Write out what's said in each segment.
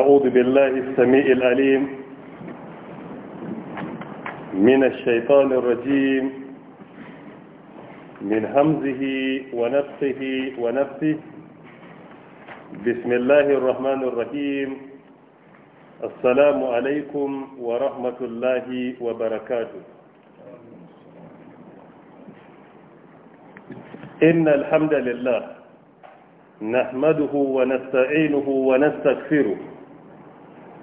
أعوذ بالله السميع الأليم من الشيطان الرجيم من همزه ونفسه ونفسه بسم الله الرحمن الرحيم السلام عليكم ورحمة الله وبركاته إن الحمد لله نحمده ونستعينه ونستغفره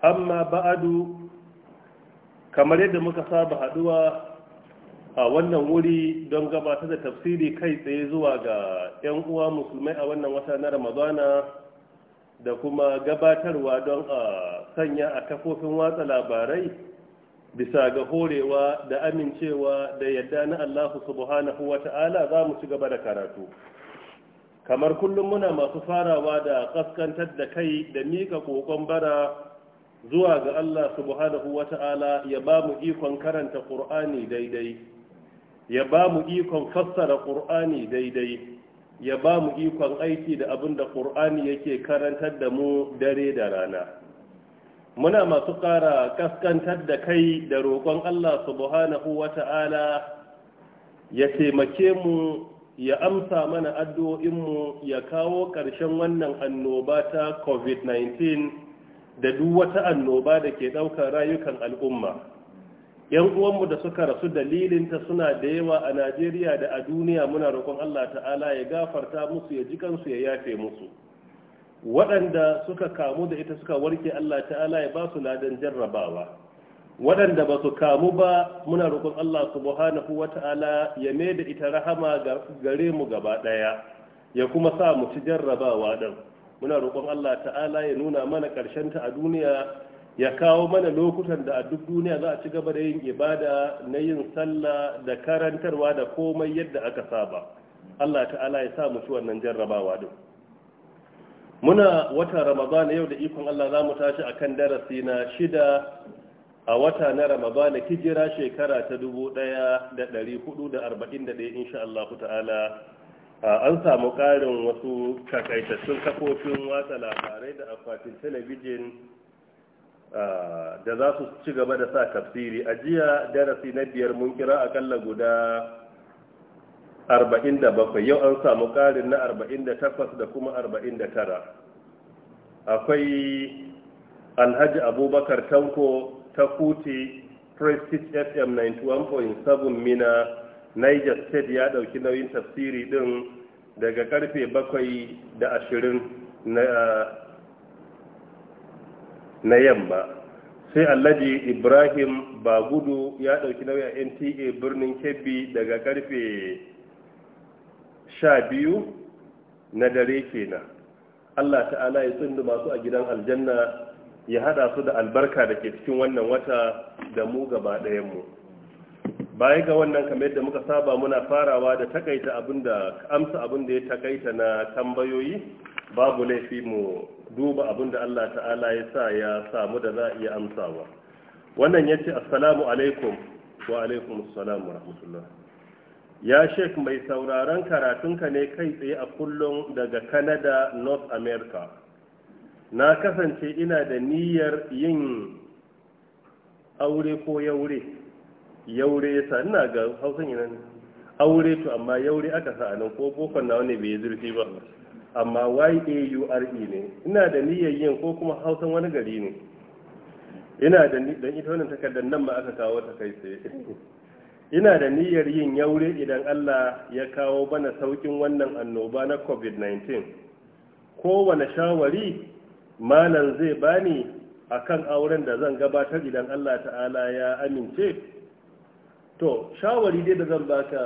amma ba'adu kamar yadda muka saba haduwa a wannan wuri don gabatar da tafsiri kai tsaye zuwa ga 'yan uwa musulmai a wannan wata na ramadana da kuma gabatarwa don a sanya a kafofin watsa labarai bisa ga horewa da amincewa da yadda na allahu subhanahu wa ta'ala za mu ci gaba da karatu kamar kullum muna masu farawa da kaskantar da kai da mika kokon bara zuwa ga Allah subhanahu wata'ala ya ba mu ikon karanta Qur'ani daidai ya ba mu ikon fassara Qur'ani daidai ya ba mu ikon aiki da abin da ƙur'ani yake karantar da mu dare da rana muna masu ƙara kaskantar da kai da roƙon allah subhanahu wata'ala ya taimake mu ya amsa mana addu'o'in mu ya kawo ƙarshen wannan annoba ta covid-19 da duk wata annoba da ke ɗaukar rayukan al'umma yan uwanmu da suka rasu dalilinta suna da yawa a najeriya da a duniya muna roƙon allah ta'ala ya gafarta musu ya ji kansu ya yafe musu waɗanda suka kamu da ita suka warke allah ta'ala ya ba su ladan jarrabawa waɗanda ba su kamu ba muna roƙon allah subhanahu wa ta'ala ya mai da ita rahama gare mu gaba ɗaya ya kuma sa mu ci jarrabawa ɗin muna roƙon Allah ta'ala ya nuna mana ƙarshen ta a duniya ya kawo mana lokutan da a duk duniya za a ci gaba da yin ibada na yin sallah da karantarwa da komai yadda aka saba Allah ta'ala ya sa mu ci wannan jarrabawa din muna wata ramadana yau da ikon Allah za mu tashi akan darasi na shida a wata na ramadana hijira shekara ta 1441 insha Allah ta'ala an samu ƙarin wasu takaitattun kafofin watsa labarai da akwatin talabijin da za su ci gaba da sa tafsiri a jiya darasi na biyar mun kira akalla guda 47 yau an samu ƙarin na 48 da kuma 49 akwai alhaji abubakar tanko ta kuti prestige fm 91.7 mina niger state ya dauki nauyin tafsiri din daga karfe bakwai da ashirin na yamma sai alhaji ibrahim bagudu ya dauki nauyi a nta birnin kebbi daga karfe 12 na dare kenan allah ta'ala ya tsundu masu a gidan aljanna ya hada su da albarka da ke cikin wannan wata da mu gaba mu. baya ga wannan kamar yadda muka saba muna farawa da takaita abinda amsa abinda ya takaita na tambayoyi babu laifi mu duba abinda Allah ta'ala ya sa ya samu da za a iya amsawa wannan ya ce assalamu alaikum wa alaikum assalam wa rahmatullah ya sheik mai sauraron karatunka ne kai tsaye a kullum daga canada north america na kasance ina da niyyar yin aure ko yaure yaure ya sa ina ga hausan yana ne aure to amma yaure aka sa nan ko bokon na wani bai zurfi ba amma y-a-u-r-e ne ina da niyyar yin ko kuma hausan wani gari ne ina da dan ita wannan takardar nan ma aka kawo ta kai tsaye ina da niyyar yin yaure idan Allah ya kawo bana saukin wannan annoba na covid-19 kowane shawari malam zai bani akan auren da zan gabatar idan Allah ta'ala ya amince to shawari dai da zan baka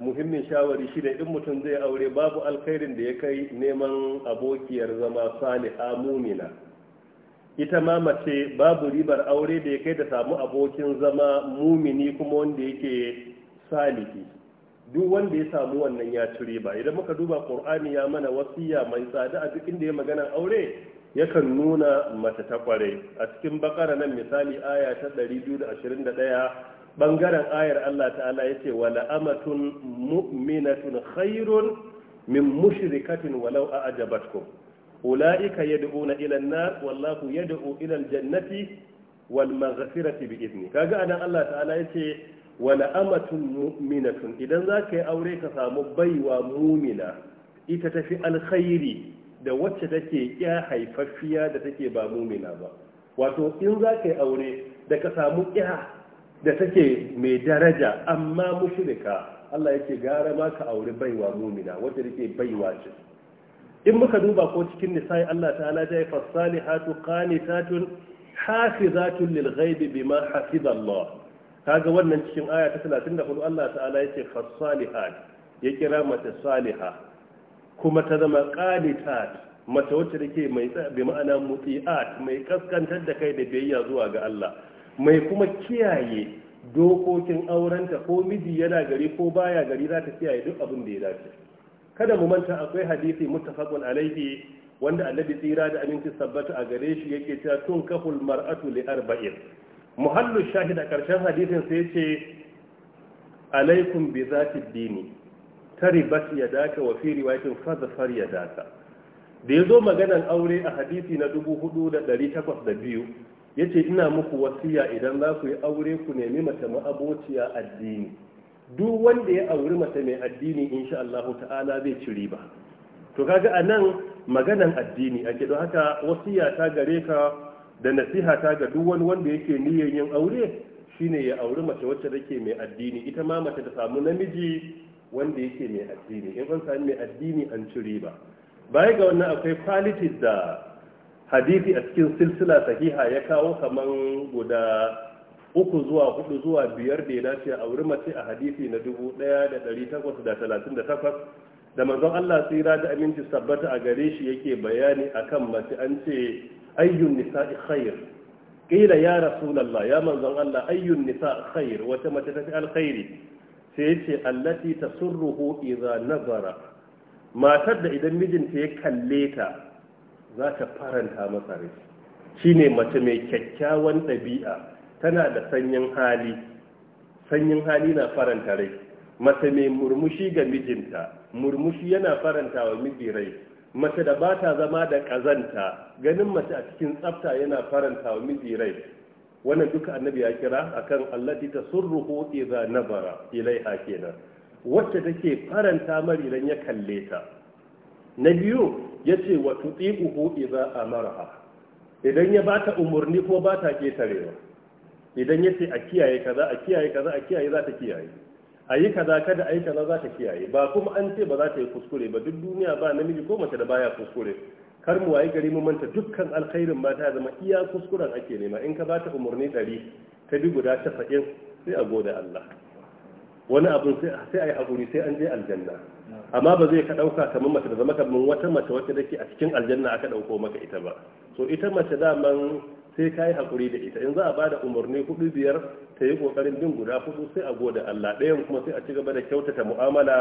muhimmin shawari shi da in mutum zai aure babu alkhairin da ya kai neman abokiyar zama saliha mumina ita ma mace babu ribar aure da ya kai da samu abokin zama mumini kuma wanda yake salihi duk wanda ya samu wannan ya ci riba idan muka duba qur'ani ya mana wasiya mai tsada a duk inda ya magana aure yakan nuna mace ta kware a cikin bakara nan misali aya ta 221 bangaren ayar Allah ta'ala ya ce wala amatun mu'minatun khairun min mushrikatin walau a ajabatkum ula'ika yad'una ila an-nar wallahu yad'u ila al-jannati wal maghfirati bi idni kaga anan Allah ta'ala ya ce wala amatun mu'minatun idan zaka yi aure ka samu baiwa mumina ita tafi alkhairi da wacce take ya haifaffiya da take ba mumina ba wato in zaka yi aure da ka samu ya da take mai daraja amma mushrika Allah yake gara ma ka aure baiwa mumina wanda take baiwa ce in muka duba ko cikin nisa'i Allah ta'ala ta yi fasalihatu qanitatun hafizatun lil ghaibi bima hafiza Allah kaga wannan cikin aya ta 34 Allah ta'ala yake fasaliha ya kira mata saliha kuma ta zama qanitat mace wacce take mai bi ma'ana muti'at mai kaskantar da kai da biyayya zuwa ga Allah mai kuma kiyaye dokokin aurenta ko miji yana gari ko baya gari za ta kiyaye duk abin da ya dace kada mu manta akwai hadisi muttafaqun alaihi wanda annabi tsira da aminci sabbata a gare shi yake cewa tun kaful mar'atu li arba'in muhallu shahida karshen hadisin sai yace alaikum bi zati dini taribat yadaka wa fi riwayatin ya yadaka da yazo maganan aure a hadisi na 4802 Ya ce ina muku wasiya idan za ku yi aure ku nemi mace ma'abociya addini duk wanda ya auri mace mai addini insha Allah ta'ala zai ci riba to kaga anan maganan addini ake don haka wasiya ta gare ka da nasiha ta ga duk wani wanda yake niyyar yin aure shine ya auri mace wacce take mai addini ita ma mace ta samu namiji wanda yake mai addini in an sami mai addini an ci riba baya ga wannan akwai qualities da hadisi a cikin silsila sahiha ya kawo kaman guda uku zuwa hudu zuwa biyar da ya dace a wuri mace a hadisi na dubu daya da dari takwas da talatin da takwas da manzon Allah tsira da aminci sabbata a gare shi yake bayani akan mace an ce ayyun nisa'i khair qila ya rasulullah ya manzon Allah ayyun nisa khair wata mace ta fi alkhairi sai yace allati tasurruhu idza nazara matar da idan mijinta ya kalle ta za ta faranta masa rai ne mace mai kyakkyawan ɗabi'a tana da sanyin hali sanyin hali na faranta rai mace mai murmushi ga mijinta murmushi yana faranta wa miji rai mace da ba ta zama da ƙazanta ganin mace a cikin tsafta yana faranta wa miji rai wannan duka annabi ya kira A akan allati na bara, ilai ilaiha kenan wacce take faranta mariran ya kalle ta na biyu yace wa a mara amaraha idan ya bata umarni ko ta ketarewa idan yace a kiyaye kaza a kiyaye kaza a kiyaye za ta kiyaye a yi kaza kada a yi kaza za ta kiyaye ba kuma an ce ba za ta yi kuskure ba duk duniya ba namiji ko mace da baya kuskure kar mu wayi gari mu manta dukkan alkhairin ba ta zama iya kuskuren ake nema in ka ba ta umarni ɗari ta bi guda casa'in sai a gode Allah wani abin sai a yi haƙuri sai an je aljanna amma ba zai ka ɗauka kamar mace da zama kamar wata mace wacce da ke a cikin aljanna aka ɗauko maka ita ba so ita mace daman sai ka yi haƙuri da ita in za a ba da umarni hudu biyar ta yi ƙoƙarin bin guda hudu sai a goda Allah ɗayan kuma sai a ci gaba da kyautata mu'amala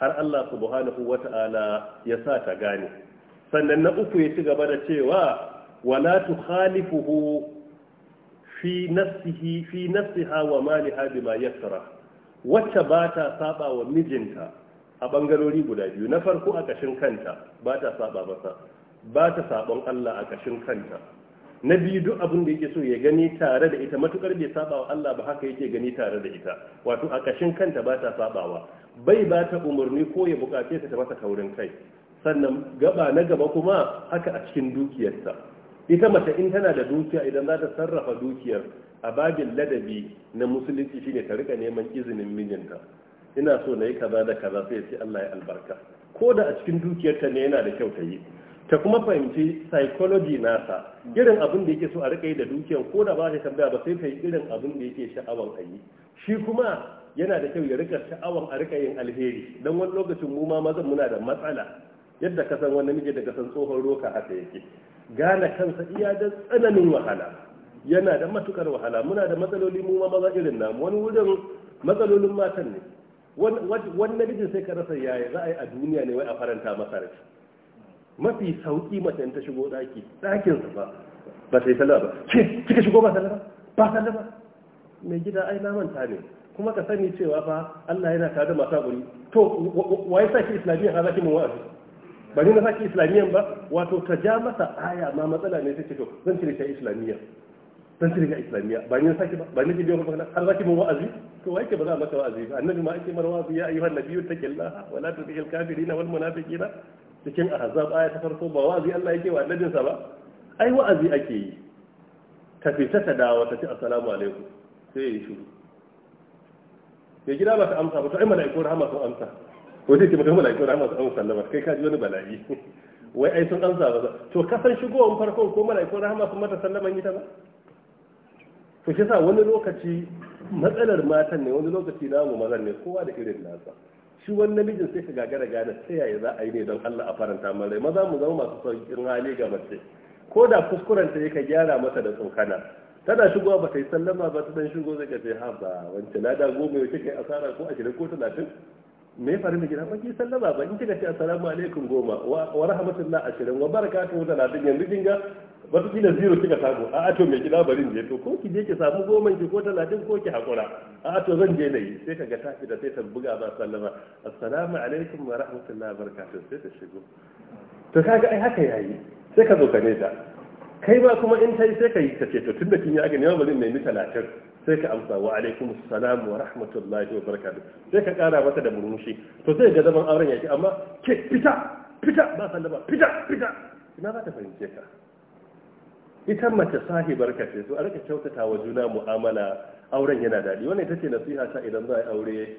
har Allah subhanahu wata'ala ya sa ta gane sannan na uku ya ci gaba da cewa wala khalifuhu fi nafsihi fi nafsiha wa maliha bima yasra wacce ba ta saba wa mijinta a bangarori guda biyu na farko a kashin kanta ba ta saba masa ba ta sabon Allah a kashin kanta na biyu duk abin da yake so ya gani tare da ita matukar bai saba wa Allah ba haka yake gani tare da ita wato a kashin kanta ba ta sabawa bai ba ta umarni ko ya bukace ta masa kaurin kai sannan gaba na gaba kuma haka a cikin dukiyarta ita mace in tana da dukiya idan za ta sarrafa dukiyar a babin ladabi na musulunci shine ta rika neman izinin mijinta ina so na yi kaza da kaza sai ce Allah ya albarka ko da a cikin dukiyarta ne yana da kyau ta yi ta kuma fahimci psychology nasa irin abin da yake so a rika yi da dukiyar ko da ba ta tambaya ba sai ta yi irin abin da yake sha'awar a yi shi kuma yana da kyau ya rika sha'awar a rika yin alheri don wani lokacin mu ma mazan muna da matsala yadda ka san wani miji daga san tsohon roka haka yake gane kansa iya da tsananin wahala yana da matukar wahala muna da matsaloli mu ma maza irin namu wani wurin matsalolin matan ne wani namijin sai ka rasa yaya za a yi a duniya ne wai a faranta masa rai mafi sauki mace ta shigo daki dakin sa ba ba sai sallama ba ce kika shigo ba sallama ba ba mai gida ai na manta ne kuma ka sani cewa fa Allah yana tare da masu haƙuri to waye saki islamiyya ha zaki mun wa'azi ba ni na saki islamiyyan ba wato ta ja masa aya ma matsala ne take to zan cire ta islamiyya dan shirka islamiyya ba ne saki ba ba ne ke biyo ba har zaki mun wa'azi to wai ke ba za maka wa'azi ba annabi ma ake marwa ya ayyuhan nabiyyu taqillaha wa la tuti'il kafirina wal munafiqina cikin ahzab aya ta farko ba wa'azi Allah yake wa annabin sa ba ai wa'azi ake yi ta fita ta dawo ta ce assalamu alaikum sai ya shiru ya gida ba ta amsa ba to ai mala'iku rahama sun amsa ko zai ce maka mala'iku rahama sun amsa sallama kai ka ji wani bala'i wai ai sun amsa ba to kasan shigowar farkon ko mala'iku rahama sun mata sallama yi ta ba to shi sa wani lokaci matsalar matan ne wani lokaci namu mazan ne kowa da irin nasa shi wani namijin sai ka gagara gane ta yaya za a yi ne don Allah a faranta mara maza mu zama masu saukin hali ga mace ko da kuskuren ya ka gyara mata da tsokana tana shigowa ba ta yi sallama ba ta dan shigo zai ce ha ba wance na da goma yau kika asara ko ashirin ko talatin me faru ne gida baki sallama ba in kika ce assalamu alaikum goma wa rahmatullah ashirin wa barakatuhu talatin yanzu dinga? watakila zero kika samu a ato mai gida barin je to ko ki je ki samu goma ki ko talatin ko ki hakura a ato zan je na yi sai ka ga ta fita sai ta buga ba sallama assalamu alaikum wa rahmatullahi wa barakatuh sai ta shigo to kaga ai haka yayi sai ka zo ka ne ta kai ba kuma in ta yi sai ka yi ta ce to tunda kin yi aka nema bari nemi talatin sai ka amsa wa alaikum assalamu wa rahmatullahi wa barakatuh sai ka kara mata da murmushi to sai ga zaman auren yake amma ke fita fita ba sallama fita fita ina za ta fahimce ka ita mace sahibar ka ce su a rika kyautata wa juna mu'amala auren yana daɗi wannan ita ce nasiha ta idan za a aure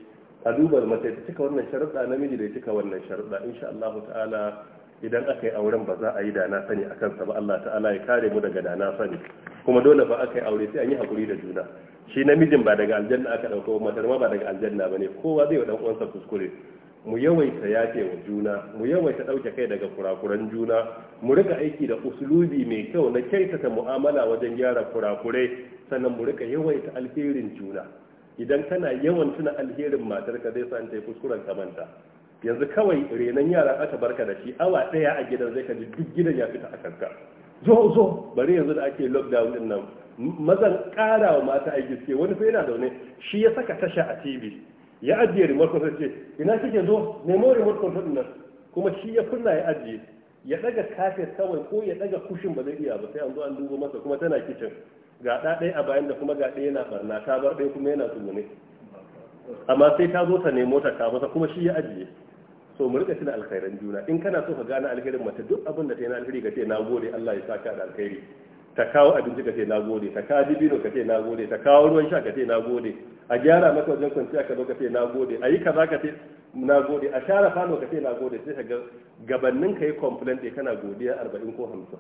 a duba mace ta cika wannan sharuɗa namiji da ya cika wannan sharuɗa insha Allah ta'ala idan aka yi auren ba za a yi dana sani a kansa ba Allah ta'ala ya kare mu daga dana sani kuma dole ba aka yi aure sai an yi hakuri da juna shi namijin ba daga aljanna aka ɗauko matar ma ba daga aljanna ba ne kowa zai wa ɗan uwansa kuskure mu yawaita yafe wa juna mu yawaita ɗauke kai daga kurakuran juna mu rika aiki da usulubi mai kyau na kyautata mu'amala wajen gyara kurakurai sannan mu rika yawaita alherin juna idan kana yawan tuna alherin matar ka zai sa tai kuskuren kuskuren kamanta yanzu kawai renon yara aka barka da shi awa ɗaya a gidan zai ka ji duk gidan ya fita a kanka zo zo bari yanzu da ake lockdown din nan mazan ƙara wa mata aiki suke wani sai yana wani shi ya saka tasha a tv ya ajiye remote control ina kike zo nemo remote control din nan kuma shi ya kunna ya ajiye ya daga kafet kawai ko ya daga kushin ba zai iya ba sai an zo an dubo masa kuma tana kicin ga ɗaya a bayan da kuma ga ɗaya yana barna ta bar ɗaya kuma yana tsugune amma sai ta zo ta nemo ta ka masa kuma shi ya ajiye so mu rika tuna alkhairan juna in kana so ka gane alkhairin mace duk abin da ta yi na alkhairi ka ce na gode Allah ya sa saka da alkhairi ta kawo abinci ka ce na gode ta kawo dibino ka ce na gode ta kawo ruwan sha ka ce na gode a gyara maka wajen kwanci aka zo ka ce na gode a yi kaza ka ce na gode a share falo ka ce na gode sai ka ga gabannin ka yi komplain ɗaya kana godiya arba'in ko hamsin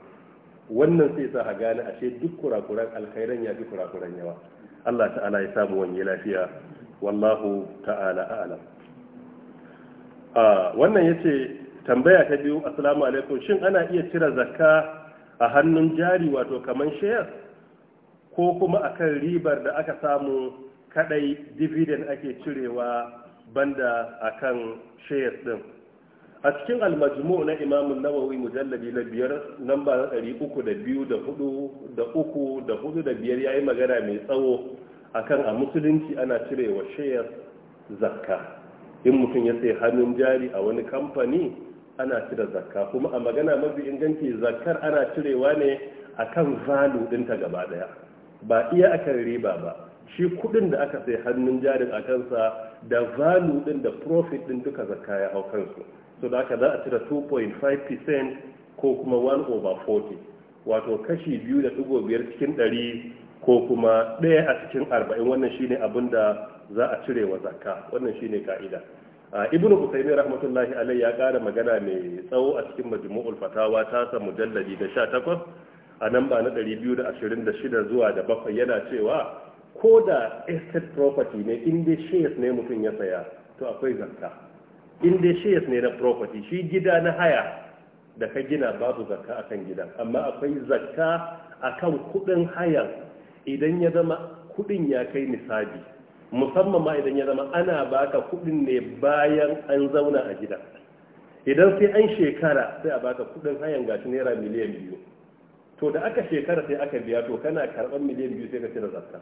wannan sai sa a gane ashe duk kurakuran alkhairan ya fi kurakuran yawa Allah ta'ala ya samu wani lafiya wallahu ta'ala a wannan ya ce tambaya ta biyu assalamu alaikum shin ana iya cire zakka a hannun jari wato kamar shayar ko kuma akan ribar da aka samu kadai dividend ake cirewa banda akan shares din a cikin almajmu na imamun nawawi mujallabi na biyar namba na da biyu da hudu da uku da hudu da magana mai tsawo akan a musulunci ana cirewa shayar zakka in mutum ya sai hannun jari a wani kamfani ana cire zakka kuma a magana mafi inganci zakkar ana cirewa ne akan value ɗinta gaba ɗaya ba iya akan riba ba shi kudin da aka sai hannun jarin a kansa da value din da profit din duka zakka ya hau kansu so da aka za a cire 2.5% ko kuma 1 over 40 wato kashi biyu da dugo biyar cikin ɗari ko kuma ɗaya a cikin arba'in wannan shine abin da za a cire wa zakka wannan shine ka'ida ibnu usaymin rahmatullahi alai ya kara magana mai tsawo a cikin majmu'ul fatawa ta sa mujalladi da 18 a nan ba na 226 zuwa da bakwai yana cewa ko da estate property ne in dai shares ne mutum ya saya to akwai zakka Inda dai shares ne na property shi gida na haya da ka gina babu zakka akan gidan amma akwai zakka akan kudin hayan idan ya zama kudin ya kai nisabi musamman ma idan ya zama ana baka kudin ne bayan an zauna a gida idan sai an shekara sai a baka kudin hayan gashi naira miliyan biyu to da aka shekara sai aka biya to kana karban miliyan biyu sai ka cire zakka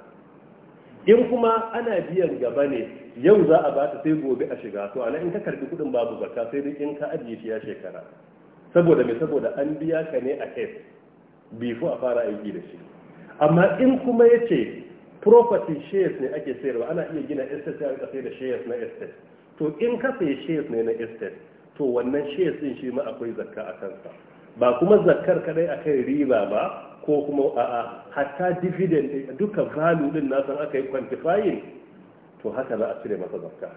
in kuma ana biyan gaba ne yau za a bata sai gobe a shiga to ana in ka karbi kudin babu zakka sai dai in ka ajiye shi ya shekara saboda me saboda an biya ka ne a kai bifu a fara aiki da shi amma in kuma yace property shares ne ake sayarwa ana iya gina estate a sai da shares na estate to in ka sayi shares ne na estate to wannan shares din shi ma akwai zakka a kansa ba kuma zakkar kadai akan riba ba ko kuma a'a hatta dividend duka value din nasan aka yi quantifying to haka za a cire masa zakka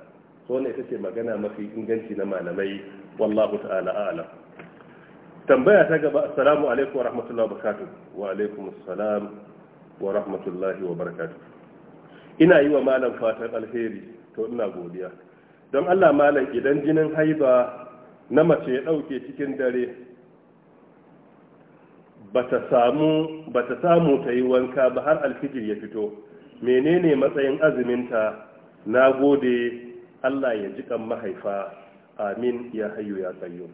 so ne ita ce magana mafi inganci na malamai wallahu ta'ala a'lam tambaya ta gaba assalamu alaikum wa rahmatullahi wa barakatuh wa alaikum assalam wa rahmatullahi wa barakatuh ina yi wa malam fatan alheri to ina godiya don Allah malam idan jinin haiba na mace ya dauke cikin dare bata samu samu ta yi wanka ba har alfijir ya fito menene matsayin azuminta na gode Allah ya ji kan mahaifa amin ya hayo ya tsayo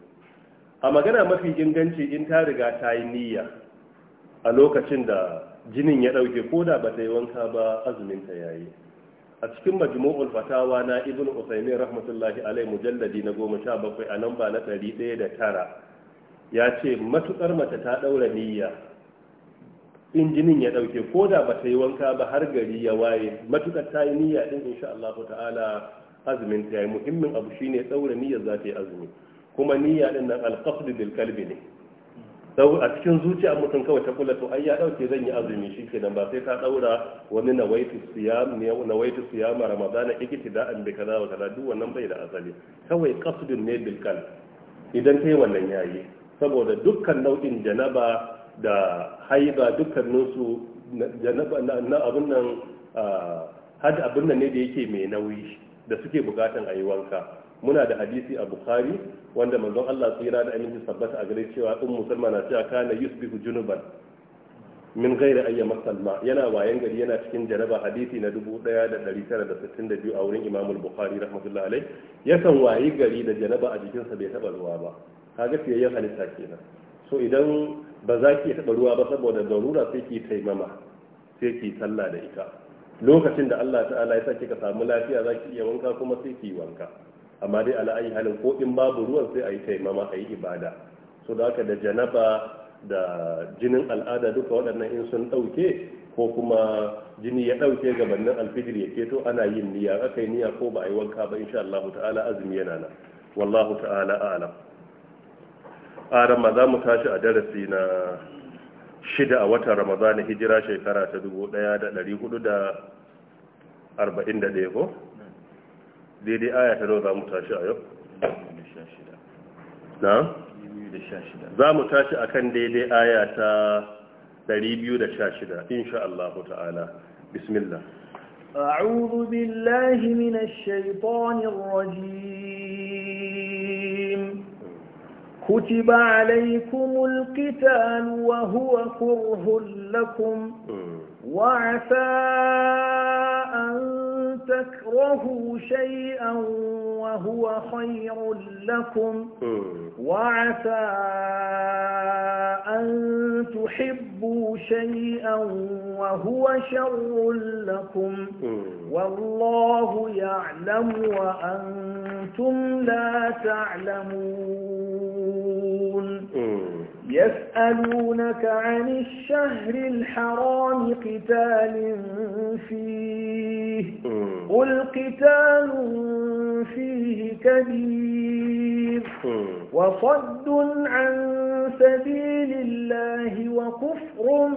a magana mafi inganci in ta riga ta yi niyya a lokacin da jinin ya ɗauke ko da ba ta yi wanka ba azuminta ya yi a cikin majmu'ul fatawa na ibn usaimin rahmatullahi alai mujalladi na goma sha bakwai a nan ba na ɗari ɗaya da tara ya ce matukar mace ta daura niyya injinin ya ɗauke ko da ba ta yi wanka ba har gari ya waye matukar ta yi niyya din insha Allah ta'ala azumin ta yi muhimmin abu shine daura niyya za ta yi azumi kuma niyya din nan alqasd bil qalbi ne a cikin zuciya mutum kawai ta kula to ai ya ɗauke zan yi azumi nan ba sai ta daura wani nawaitu siyam ne nawaitu siyam ramadana iktida'an bi kaza wa kaza duk wannan bai da asali kawai qasdun ne bil qalbi idan kai wannan yayi saboda dukkan nau'in janaba da haiba dukkaninsu na abin nan had abin nan ne da yake mai nauyi da suke bukatan a yi wanka muna da hadisi a bukhari wanda manzon Allah tsira da aminci sabbata a gare cewa in musulma na cewa kana yusbihu junuban min gaira ayya masalma yana wayan gari yana cikin jaraba hadisi na 1962 a wurin imamul bukari rahmatullahi alai yakan wayi gari da janaba a jikinsa bai taba ruwa ba kaga fiyayyen halitta kenan so idan ba za ki taɓa ruwa ba saboda garura sai ki taimama sai ki sallah da ita lokacin da Allah ta'ala ya sa kika samu lafiya za ki iya wanka kuma sai ki wanka amma dai ala ayi halin ko in babu ruwan sai a yi taimama a yi ibada so da haka da janaba da jinin al'ada duka waɗannan in sun ɗauke ko kuma jini ya ɗauke gabanin alfijir ya keto ana yin niyya aka yi niyya ko ba a yi wanka ba insha Allah ta'ala azumi yana nan wallahu ta'ala a'lam arama za mu tashi a darasi na shida a watan ramadana hijira shekara ta 1441 ko daidai aya ta za mu tashi a yau na? za mu tashi a kan daidai aya ta 216 insha Allah ta'ala bismillah أعوذ بالله من الشيطان الرجيم كتب عليكم القتال وهو كره لكم وعسى أن تكرهوا شيئا وهو خير لكم وعسى أن تحبوا شيئا وهو شر لكم والله يعلم وأنتم لا تعلمون يسألونك عن الشهر الحرام قتال فيه قل قتال فيه كبير وصد عن سبيل الله وكفر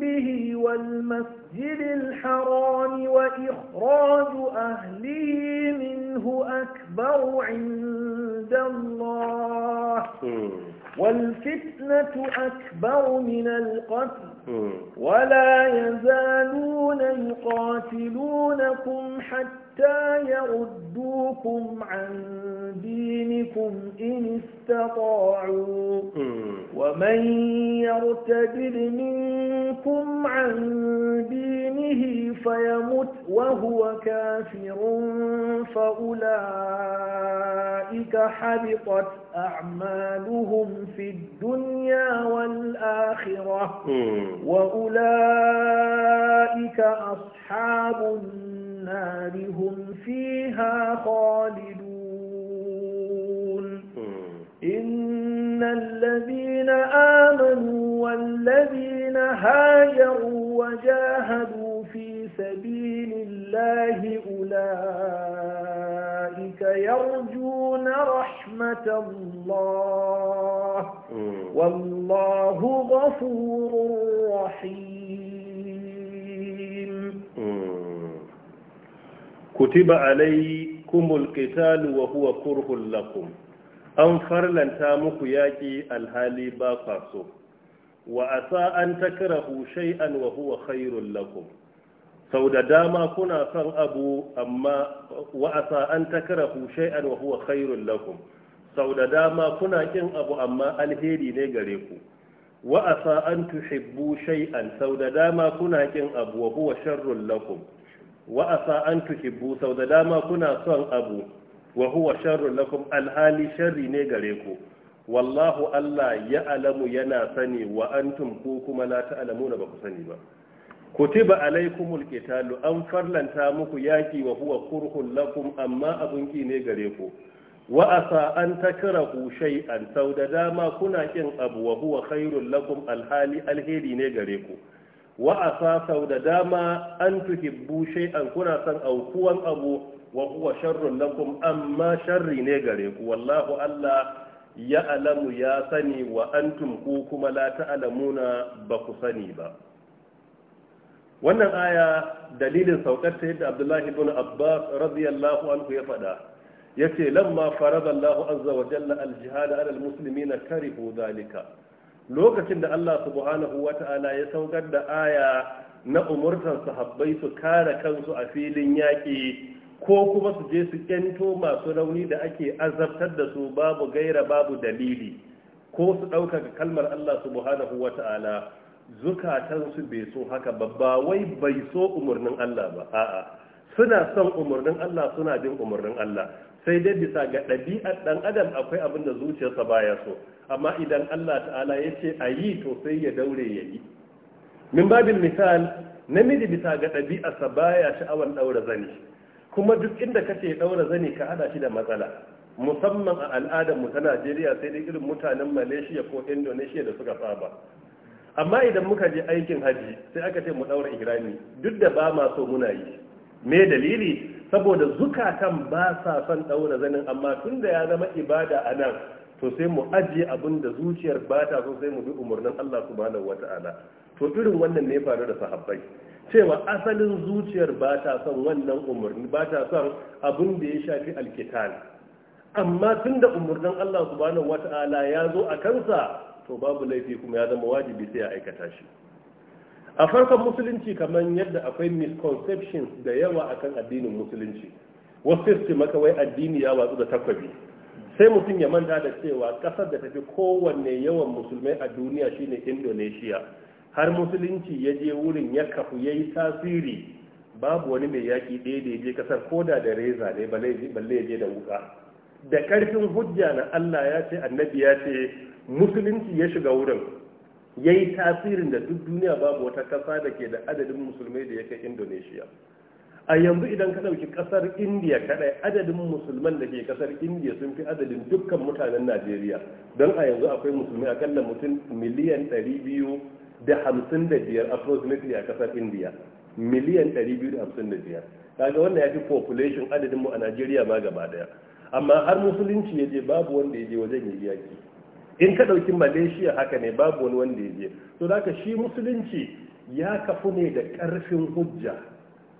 به والمسجد الحرام وإخراج أهله منه أكبر عند والفتنة أكبر من القتل ولا يزالون يقاتلونكم حتى يردوكم عن دينكم إن استطاعوا ومن يرتد منكم عن دينه فيمت وهو كافر فأولئك حبطت أعمالهم في الدنيا والآخرة وأولئك أصحاب النار هم فيها خالدون إن الذين آمنوا والذين هاجروا وجاهدوا في سبيل الله أولئك يرجون رحمة الله والله غفور رحيم كتب عليكم القتال وهو كره لكم an farlanta muku yaƙi alhali ba kwaso. so wa asa an takrahu shay'an wa huwa khairul lakum sau da dama kuna son abu amma wa asa an takrahu shay'an wa huwa khairul lakum sau da dama kuna kin abu amma alheri ne gare ku wa asa an tuhibbu shay'an sau da dama kuna kin abu wa huwa sharrul lakum wa asa an tuhibbu sau da dama kuna son abu wa huwa sharrun lakum alhali sharri ne gare ku wallahu Allah ya alamu yana sani wa antum ku kuma la ta'lamuna ba ku sani ba kutiba alaikumul qitalu an farlanta muku yaki wa huwa kurhun lakum amma abun ki ne gare ku wa asa an takrahu shay'an sau da dama kuna kin abu wa huwa khairul lakum alhali alheri ne gare ku wa sau da dama an tuhibbu an kuna san aukuwan abu wa huwa sharrun lakum amma sharri ne gare ku wallahu Allah ya alamu ya sani wa antum ku kuma la ta'alamuna ba ku sani ba wannan aya dalilin saukar ta yadda Abdullahi ibn Abbas radiyallahu anhu ya faɗa yace lamma farada Allahu azza wa jalla al-jihad ala al karihu dhalika lokacin da Allah subhanahu wata'ala ya saukar da aya na umurtan sahabbai su kare kansu a filin yaƙi ko kuma su je su ƙyanto masu rauni da ake azabtar da su babu gaira babu dalili ko su ɗaukaka kalmar Allah subhanahu wata'ala zukatansu bai so haka ba ba wai bai so umarnin Allah ba a'a suna son umarnin Allah suna bin umarnin Allah sai dai bisa ga ɗabi'ar ɗan adam akwai abin da zuciyarsa baya so amma idan Allah ta'ala ya ce a yi to sai ya daure ya yi min babin misal namiji bisa ga ɗabi'arsa baya sha'awar ɗaura zani kuma duk inda kace ɗaura zani ka haɗa shi da matsala musamman a al'adar ta Najeriya sai dai irin mutanen Malaysia ko Indonesia da suka saba amma idan muka je aikin hajji sai aka ce mu ɗaura ihrami duk da ba ma so muna yi me dalili saboda zukatan ba sa son ɗaura zanin amma tun da ya zama ibada a nan to sai mu ajiye abin da zuciyar ba ta so sai mu bi umarnin Allah subhanahu wata'ala to irin wannan ne faru da sahabbai cewa asalin zuciyar ba ta son wannan umarni ba ta son abin da ya shafi alkital amma tunda umarnin Allah subhanahu wata'ala ya zo a kansa to babu laifi kuma ya zama wajibi sai ya aikata shi a farkon musulunci kamar yadda akwai misconceptions da yawa akan addinin musulunci wasu su maka wai addini ya watsu da takwabi sai mutum ya manta da cewa kasar da tafi kowanne yawan musulmai a duniya shine indonesia har musulunci ya je wurin ya kafu ya yi tasiri babu wani mai yaƙi ɗaya da ya je kasar koda da reza ne balle ya je da wuka da ƙarfin hujja na allah ya ce annabi ya ce musulunci ya shiga wurin ya yi tasirin da duk duniya babu wata ƙasa da ke da adadin musulmai da ya kai indonesia a yanzu idan ka ɗauki ƙasar indiya kaɗai adadin musulman da ke ƙasar indiya sun fi adadin dukkan mutanen najeriya don a yanzu akwai musulmi akalla mutum miliyan ɗari biyu da approximately a ƙasar indiya miliyan ɗari biyu da kaga wannan ya fi population adadin mu a najeriya ma gaba ɗaya amma har musulunci ya je babu wanda ya je wajen ya yaki in ka ɗauki malaysia haka ne babu wani wanda ya je to da shi musulunci ya kafu ne da ƙarfin hujja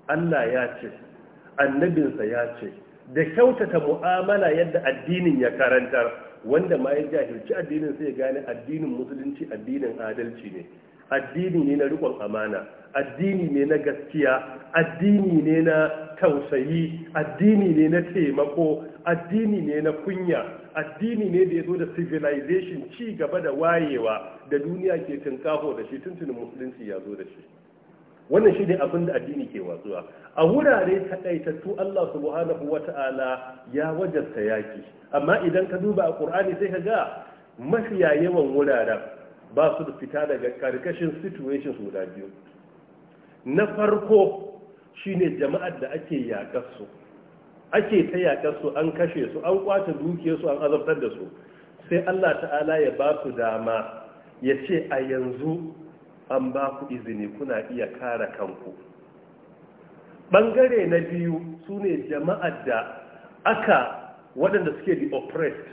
Allah ya ce annabinsa ya ce da kyautata mu'amala yadda addinin ya karantar wanda ma ya jahilci addinin sai ya gane addinin musulunci addinin adalci ne addini ne na rikon amana addini ne na gaskiya addini ne na tausayi addini ne na taimako addini ne na kunya addini ne da ya zo da civilization ci gaba da wayewa da duniya ke tunkaho da shi tuntunin musulunci ya zo da shi wannan shi ne abin da addini ke watsuwa a wurare taƙaitattu Allah subhanahu ta'ala ya wajarta yaki amma idan ka duba a ƙur'ani sai ka ga mafiya yawan wuraren ba su da fita daga karkashin situations guda biyu na farko shine jama'ar da ake yakar su ake ta yakar an kashe su an kwace dukiyar an azabtar da su sai Allah ta'ala ya ba su dama ya ce a yanzu an ba ku izini kuna iya kara kanku bangare na biyu su ne jama'ar da aka waɗanda suke di oppressed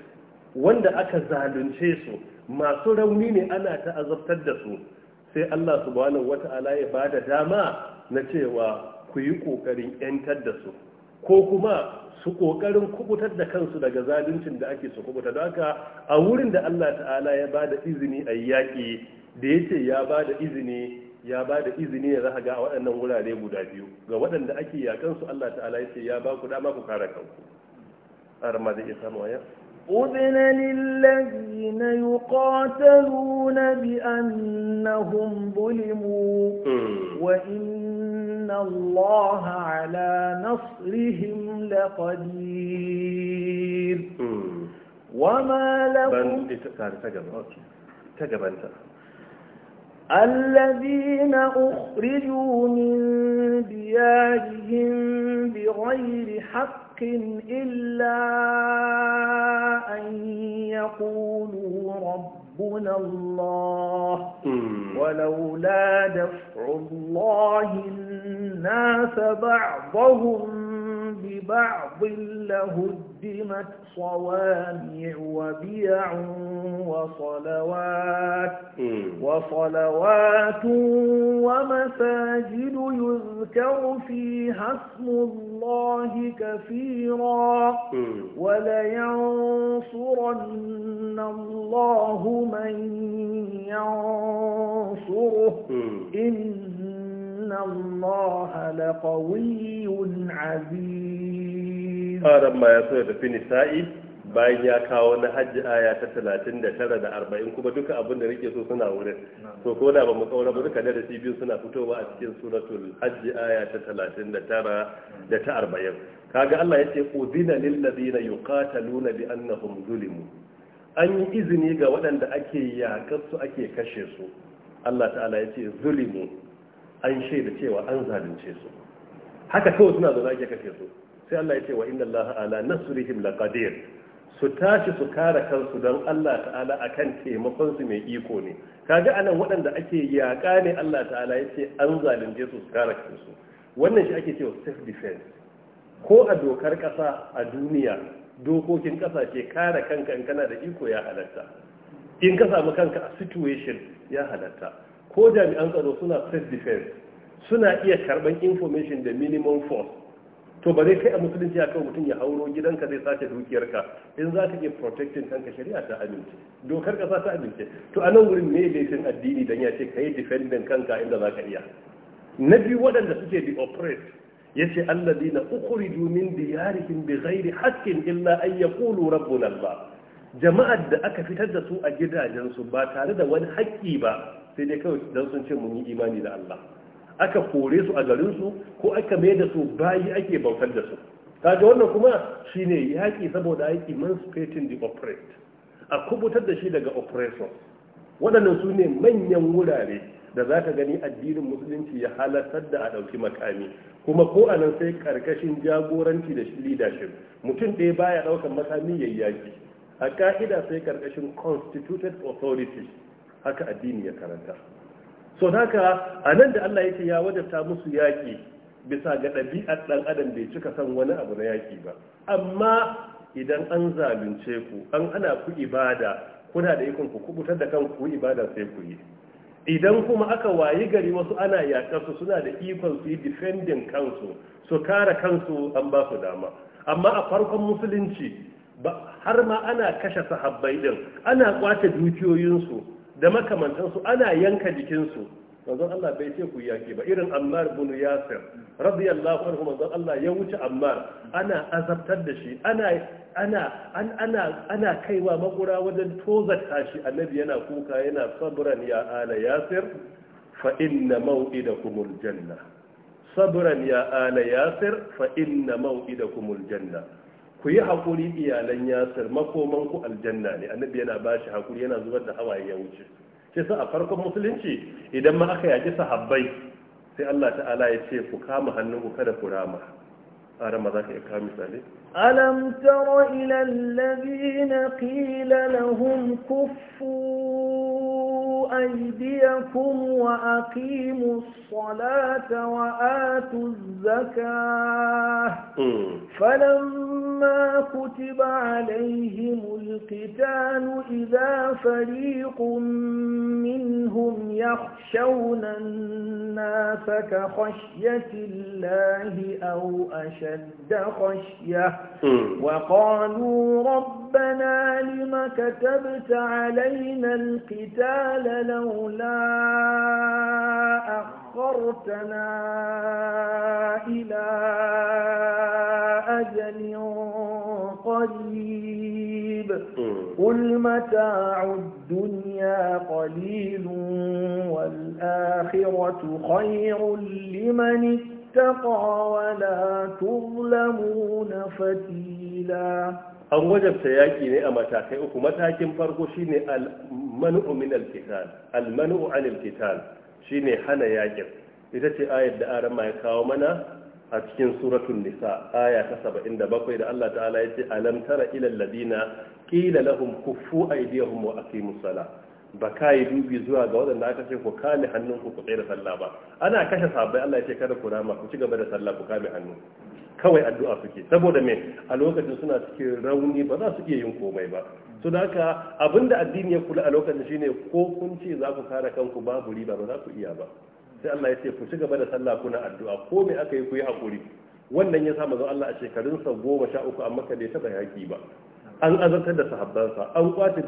wanda aka zalunce su masu rauni ne ana ta azabtar da su sai Allah subhanahu wata'ala ya ba da dama na cewa ku yi ƙoƙarin 'yantar da su ko kuma su ƙoƙarin kubutar da kansu daga zaluncin da ake su kubuta don haka a wurin da Allah ta'ala ya ba da izini a yaƙi da ya ce ya ba da izini ya ba da izini ya zaha ga a waɗannan wurare guda biyu ga waɗanda ake yakan su Allah ta'ala ya ce ya ba ku dama ku kare kanku a ramadi isa mawaya أذن للذين يقاتلون بأنهم ظلموا وإن الله على نصرهم لقدير وما لهم تجبنت الذين أخرجوا من ديارهم بغير حق إلا أن يقولوا رب ربنا الله ولولا دفع الله الناس بعضهم ببعض لهدمت صوامع وبيع وصلوات وصلوات ومساجد يذكر فيها اسم الله كثيرا ولينصرن يَنصُرْنَ اللَّهُ مَن يَنصُرُهُ hmm. إِنَّ اللَّهَ لَقَوِيٌّ عَزِيزٌ هذا ما يسوي في نسائي bayan ya kawo na hajji aya ta talatin da tara da arba'in kuma duka abin da rike so suna wurin to ko da ba mu kaura ba duka da biyu suna fitowa a cikin suratul hajji aya ta talatin da tara da ta arba'in kaga Allah ya ce udina lil ladina yuqataluna bi annahum zulimu an yi izini ga waɗanda ake yaƙar su ake kashe su Allah ta'ala ya ce zulimu an shaida cewa an zalunce su haka kawai suna zaune ake kashe su sai Allah ya ce wa inna Allah ala nasrihim laqadir su tashi su kare kansu don Allah ta'ala akan taimakon su mai iko ne kaga anan waɗanda ake yaƙa ne Allah ta'ala ya ce an zalunce su su kare kansu wannan shi ake cewa self defense ko a dokar ƙasa a duniya dokokin kasashe kare kanka in kana da iko ya halatta in ka samu kanka a situation ya halatta ko jami'an tsaro suna self defense suna iya karban information da minimum force to ba zai kai a musulunci akan mutum ya hauro gidanka zai sace dukiyarka in za ka iya protecting kanka shari'a ta amince dokar kasa ta amince to a nan wurin me laifin addini dan ya ce ka yi defending kanka inda za ka iya na biyu waɗanda suke the oppressed yace alladina ukhriju min diyarihim bighairi haqqin illa an yaqulu rabbuna Allah jama'ar da aka fitar da su a gidajen su ba tare da wani haƙƙi ba sai dai kawai dan sun ce mun yi imani da Allah aka kore su a garin su ko aka mai da su bayi ake bautar da su kaga wannan kuma shine yaƙi saboda ai emancipating the oppressed a kubutar da shi daga oppressor waɗannan su ne manyan wurare da za ka gani addinin musulunci ya halartar da a ɗauki makami kuma ko a nan sai ƙarƙashin jagoranci da leadership mutum ɗaya baya ɗaukar makami ya yi yaƙi a ƙa'ida sai ƙarƙashin constituted authority haka addini ya karanta so haka a nan da allah yake ya wajabta musu yaƙi bisa ga ɗabi'ar ɗan adam bai cika son wani abu na yaƙi ba amma idan an zalunce ku an ana ku ibada kuna da ikon ku kubutar da kanku ibada sai ku yi idan kuma aka wayi gari wasu ana yakar suna da ikon su yi defending kansu su kare kansu an ba su dama amma a farkon musulunci har ma ana kashe sahabbai din ana kwace dukiyoyinsu da makamantansu ana yanka jikinsu manzon Allah bai ce ku yaki ba irin Ammar bin Yasir radiyallahu anhu manzon Allah ya wuce Ammar ana azabtar da shi ana ana an ana ana kaiwa magura wajen tozata shi annabi yana kuka yana sabran ya ala Yasir fa inna maw'idakumul janna sabran ya ala Yasir fa inna maw'idakumul janna ku yi hakuri iyalan Yasir makoman ku aljanna ne annabi yana bashi hakuri yana zubar da hawaye ya wuce sai sun a farkon musulunci idan ma aka yaki sahabbai sai Allah ta'ala ya ce ku kama hannunku kada ku rama za ka iya misali alam tara ila alladhina qila lahum kuffu أيديكم وأقيموا الصلاة وآتوا الزكاة فلما كتب عليهم القتال إذا فريق منهم يخشون الناس كخشية الله أو أشد خشية وقالوا ربنا لم كتبت علينا القتال لولا أخرتنا إلى أجل قريب قل متاع الدنيا قليل والآخرة خير لمن اتقى ولا تظلمون فتيلاً an wajabta yaƙi ne a matakai uku matakin farko shine al-man'u min al-qital an al-qital shine hana yaƙin ita ce ayar da aran ya kawo mana a cikin suratun nisa aya ta 77 da Allah ta'ala ya ce alam tara ila alladina qila lahum kuffu aydiyahum wa aqimus sala ba kai dubi zuwa ga waɗanda aka ce ku kame hannunku ku tsaya da sallah ba ana kashe sabai Allah ya ce kada ku rama ku ci gaba da sallah ku kame hannu. kawai addu'a suke saboda me a lokacin suna cikin rauni ba za su iya yin komai ba su da haka abinda addini ya kula a lokacin shine ko kun ce za ku kare kanku babu riba ba za ku iya ba sai Allah ya ce ku ci gaba da sallah kuna addu'a ko me aka yi ku yi hakuri wannan ya sa manzon Allah a shekarun sa 13 amma ka bai taba yaki ba an azartar da sahabbansa an kwace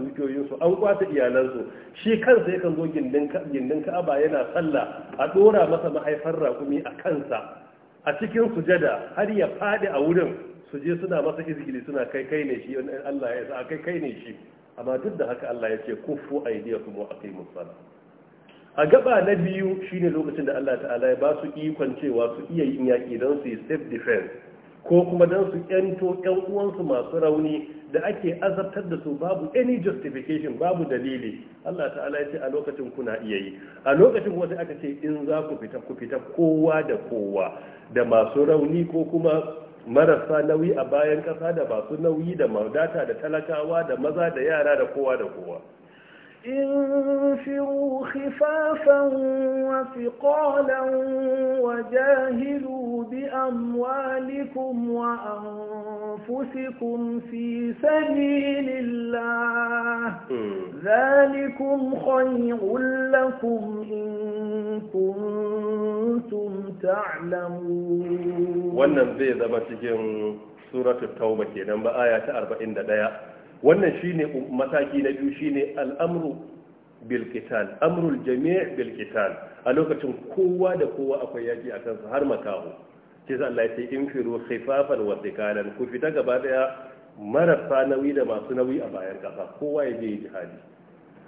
su an kwace iyalansu shi kansa yakan zo gindin gindin Ka'aba yana sallah a dora masa mahaifar rakumi a kansa a cikin sujada har ya fadi a wurin su je suna masa izgili suna kai kai ne shi Allah ya sa kai kai ne shi amma duk da haka Allah ya ce kufu aydiyakum wa aqimus sala a gaba na biyu shine lokacin da Allah ta'ala ya ba su ikon cewa su iya yin yaki don su yi self defense ko kuma don su yanto yan uwansu masu rauni da ake azabtar da su babu any justification babu dalili Allah ta'ala ya ce a lokacin kuna iya yi a lokacin sai aka ce in za ku fita ku fita kowa da kowa da masu rauni ko kuma marasa nauyi a bayan ƙasa da masu nauyi da maudata da talakawa da maza da yara da kowa da kowa انفروا خفافا وثقالا وجاهدوا بأموالكم وأنفسكم في سبيل الله ذلكم خير لكم إن كنتم تعلمون wannan zai zama cikin suratul tauba kenan ba aya ta 41 wannan shine mataki na biyu shine al'amru bil qital amrul jami' a lokacin kowa da kowa akwai yaki a kansu har makaho sai Allah ya ce infiru khifafan wa thiqalan ku fita gaba daya marasa nauyi da masu nauyi a bayan kasa kowa ya je jihadi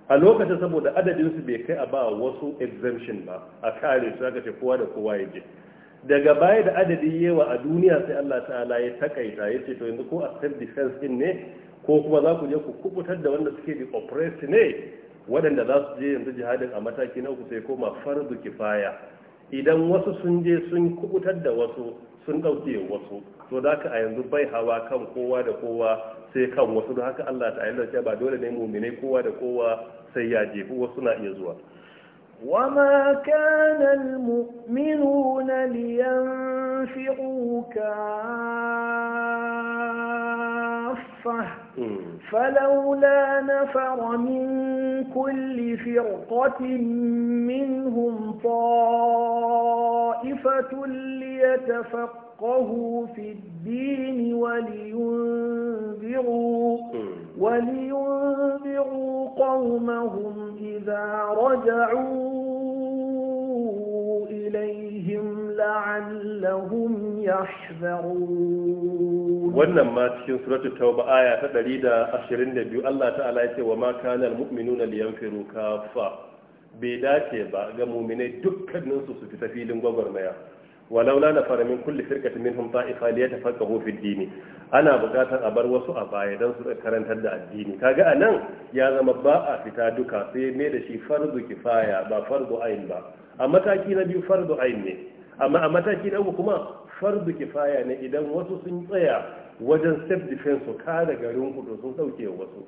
a lokacin saboda adadinsu bai kai a ba wasu exemption ba a kare su aka ce kowa da kowa ya je daga baya da adadin yawa a duniya sai Allah ta'ala ya takaita ya ce to yanzu ko a self defense din ne ko kuma za ku je ku kubutar da wanda suke da oppressed ne waɗanda za su je yanzu jihadin a mataki na uku sai koma fardu kifaya idan wasu sun je sun kubutar da wasu sun ɗauke wasu to da ka a yanzu bai hawa kan kowa da kowa sai kan wasu don haka Allah ta ayyana ba dole ne mu mine kowa da kowa sai ya jefi wasu na iya zuwa وَمَا كَانَ الْمُؤْمِنُونَ لِيَنْفِقُوا كَافَّةً فلولا نفر من كل فرقة منهم طائفة ليتفقهوا في الدين ولينذروا, ولينذروا قومهم إذا رجعوا إليهم لعلهم يحذرون wannan ma cikin suratul tauba aya ta 122 Allah ta'ala yace wa ma kana almu'minuna liyanfiru kaffa bai dace ba ga mu'minai dukkanin su su fita filin gwagwarmaya walaula na fara min kulli firqatin minhum ta'ifa li yatafaqahu fi ad ana buƙatar a bar wasu a baya dan su karantar da addini kaga anan ya zama ba a fita duka sai mai da shi fardu kifaya ba fardu ayn ba a mataki na biyu fardu ayn ne amma a mataki na uku kuma fardu kifaya ne idan wasu sun tsaya wajen self defense su kare garin ku sun dauke wasu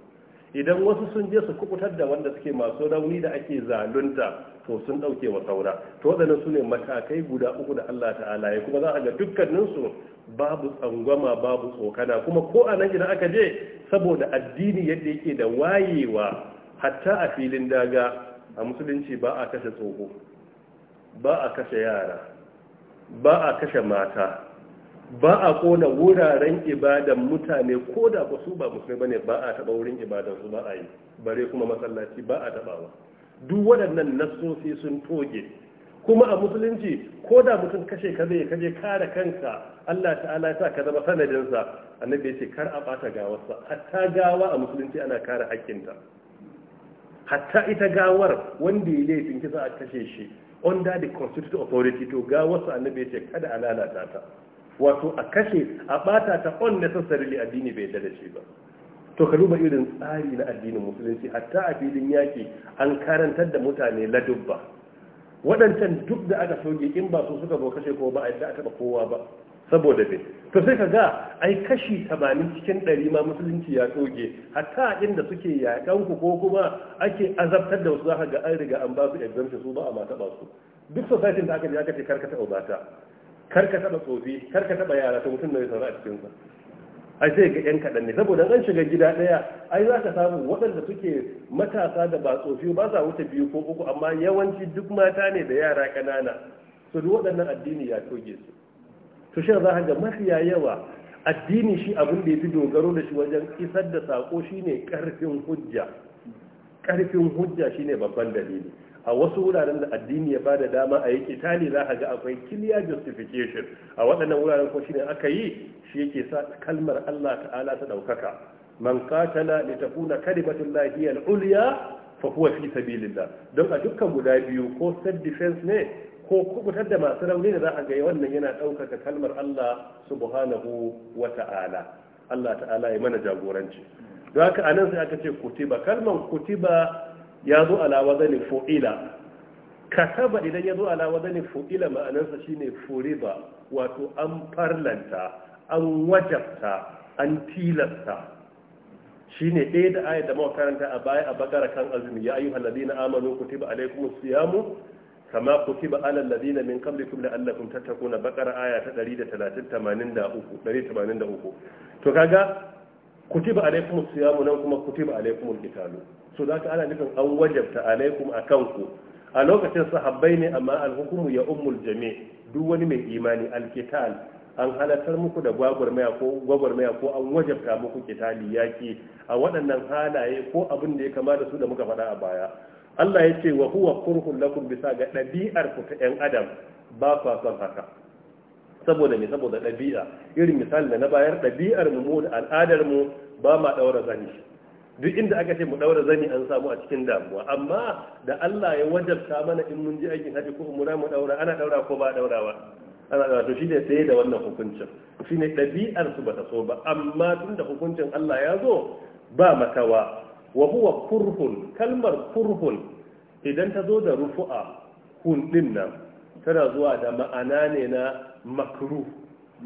idan wasu sun je su kubutar da wanda suke masu rauni da ake zalunta to sun dauke wa saura to waɗannan su ne matakai guda uku da Allah ta'ala ya kuma za a ga dukkaninsu babu tsangwama babu tsokana kuma ko a nan idan aka je saboda addini yadda yake da wayewa hatta a filin daga a musulunci ba a kashe tsoho ba a kashe yara ba a kashe mata ba a kona wuraren ibadan mutane ko da ba su ba musulmi bane ba a taba wurin ibadan su ba a yi bare kuma masallaci ba a taɓawa. duk waɗannan nasosi sun toge kuma a musulunci ko da mutum kashe ka zai kaje kare kanka Allah ta'ala ya sa ka zama sanadinsa annabi ya ce kar a bata gawarsa hatta gawa a musulunci ana kare hakkinta hatta ita gawar wanda ya laifin kisa a kashe shi under the constituted authority to ga wasu annabi ce kada a lalata ta wato a kashe a bata ta on necessarily addini bai da shi ba to ka duba irin tsari na addinin musulunci hatta a filin yaki an karantar da mutane ladubba waɗancan duk da aka soke in ba su suka zo kashe ko ba a yadda a taɓa kowa ba saboda bai to sai ka ga ai kashi 80 cikin 100 ma musulunci ya toge hatta inda suke yakan ku ko kuma ake azabtar da wasu zaka ga an riga an ba su exemption su ba a mata ba su duk society da aka ji aka ce karka taba bata karka tsofi karka taba yara ta mutum ne a cikin sa ai sai ga yan kaɗan ne saboda an shiga gida daya ai zaka samu waɗanda suke matasa da ba tsofi ba za wuce biyu ko uku amma yawanci duk mata ne da yara kanana su duk waɗannan addini ya toge su to shi za ga mafiya yawa addini shi abin da ya fi dogaro da shi wajen isar da sako shine karfin hujja karfin hujja shine babban dalili a wasu wuraren da addini ya bada dama a yi kitali za a ga akwai clear justification a waɗannan wuraren ko shine aka yi shi yake sa kalmar Allah ta'ala ta ɗaukaka man qatala li takuna kalimatu llahi al-ulya fa huwa fi sabilillah don a dukkan guda biyu ko self defense ne ko kubutar da masu rauni da za a ga wannan yana ɗaukaka kalmar Allah subhanahu wa ta'ala Allah ta'ala ya mana jagoranci don haka anan sai aka ce kutiba kalmar kutiba ya zo ala wazani fu'ila kataba idan ya zo ala wazani fu'ila ma'anarsa shine furiba wato an farlanta an wajabta an tilasta shine ɗaya da ayat da muka karanta a baya a bakara kan azumi ya ayyuhal ladina amanu kutiba alaykumus siyamu kama kutiba alal ladina min qablikum tattako na baqara aya ta 183 to kaga kutiba alaikum siyamu nan kuma kutiba alaikum alqitalu so zaka ana nufin an wajabta alaikum a ku a lokacin sahabbai ne amma alhukumu ya umul jami duk wani mai imani alkital an halartar muku da gwagwarmaya ko gwagwarmaya ko an wajabta muku kitali yaki a waɗannan halaye ko abin da ya kama da su da muka faɗa a baya Allah ya ce wa huwa kurhun lakum bisa ga ɗabi'ar ku ta adam ba kwa son haka saboda me saboda ɗabi'a irin misali da na bayar ɗabi'ar mu da al'adar mu ba ma ɗaura zani duk inda aka ce mu ɗaura zani an samu a cikin damuwa amma da Allah ya wajabta mana in mun je aikin haji ko mu mu ɗaura ana ɗaura ko ba ɗaurawa ana ɗaura to shine sai da wannan hukuncin shine ɗabi'ar su bata so ba amma tunda hukuncin Allah ya zo ba makawa wa huwa kurhun kalmar kurhun idan ta zo da rufu'a hun din nan tana zuwa da ma'ana ne na makru.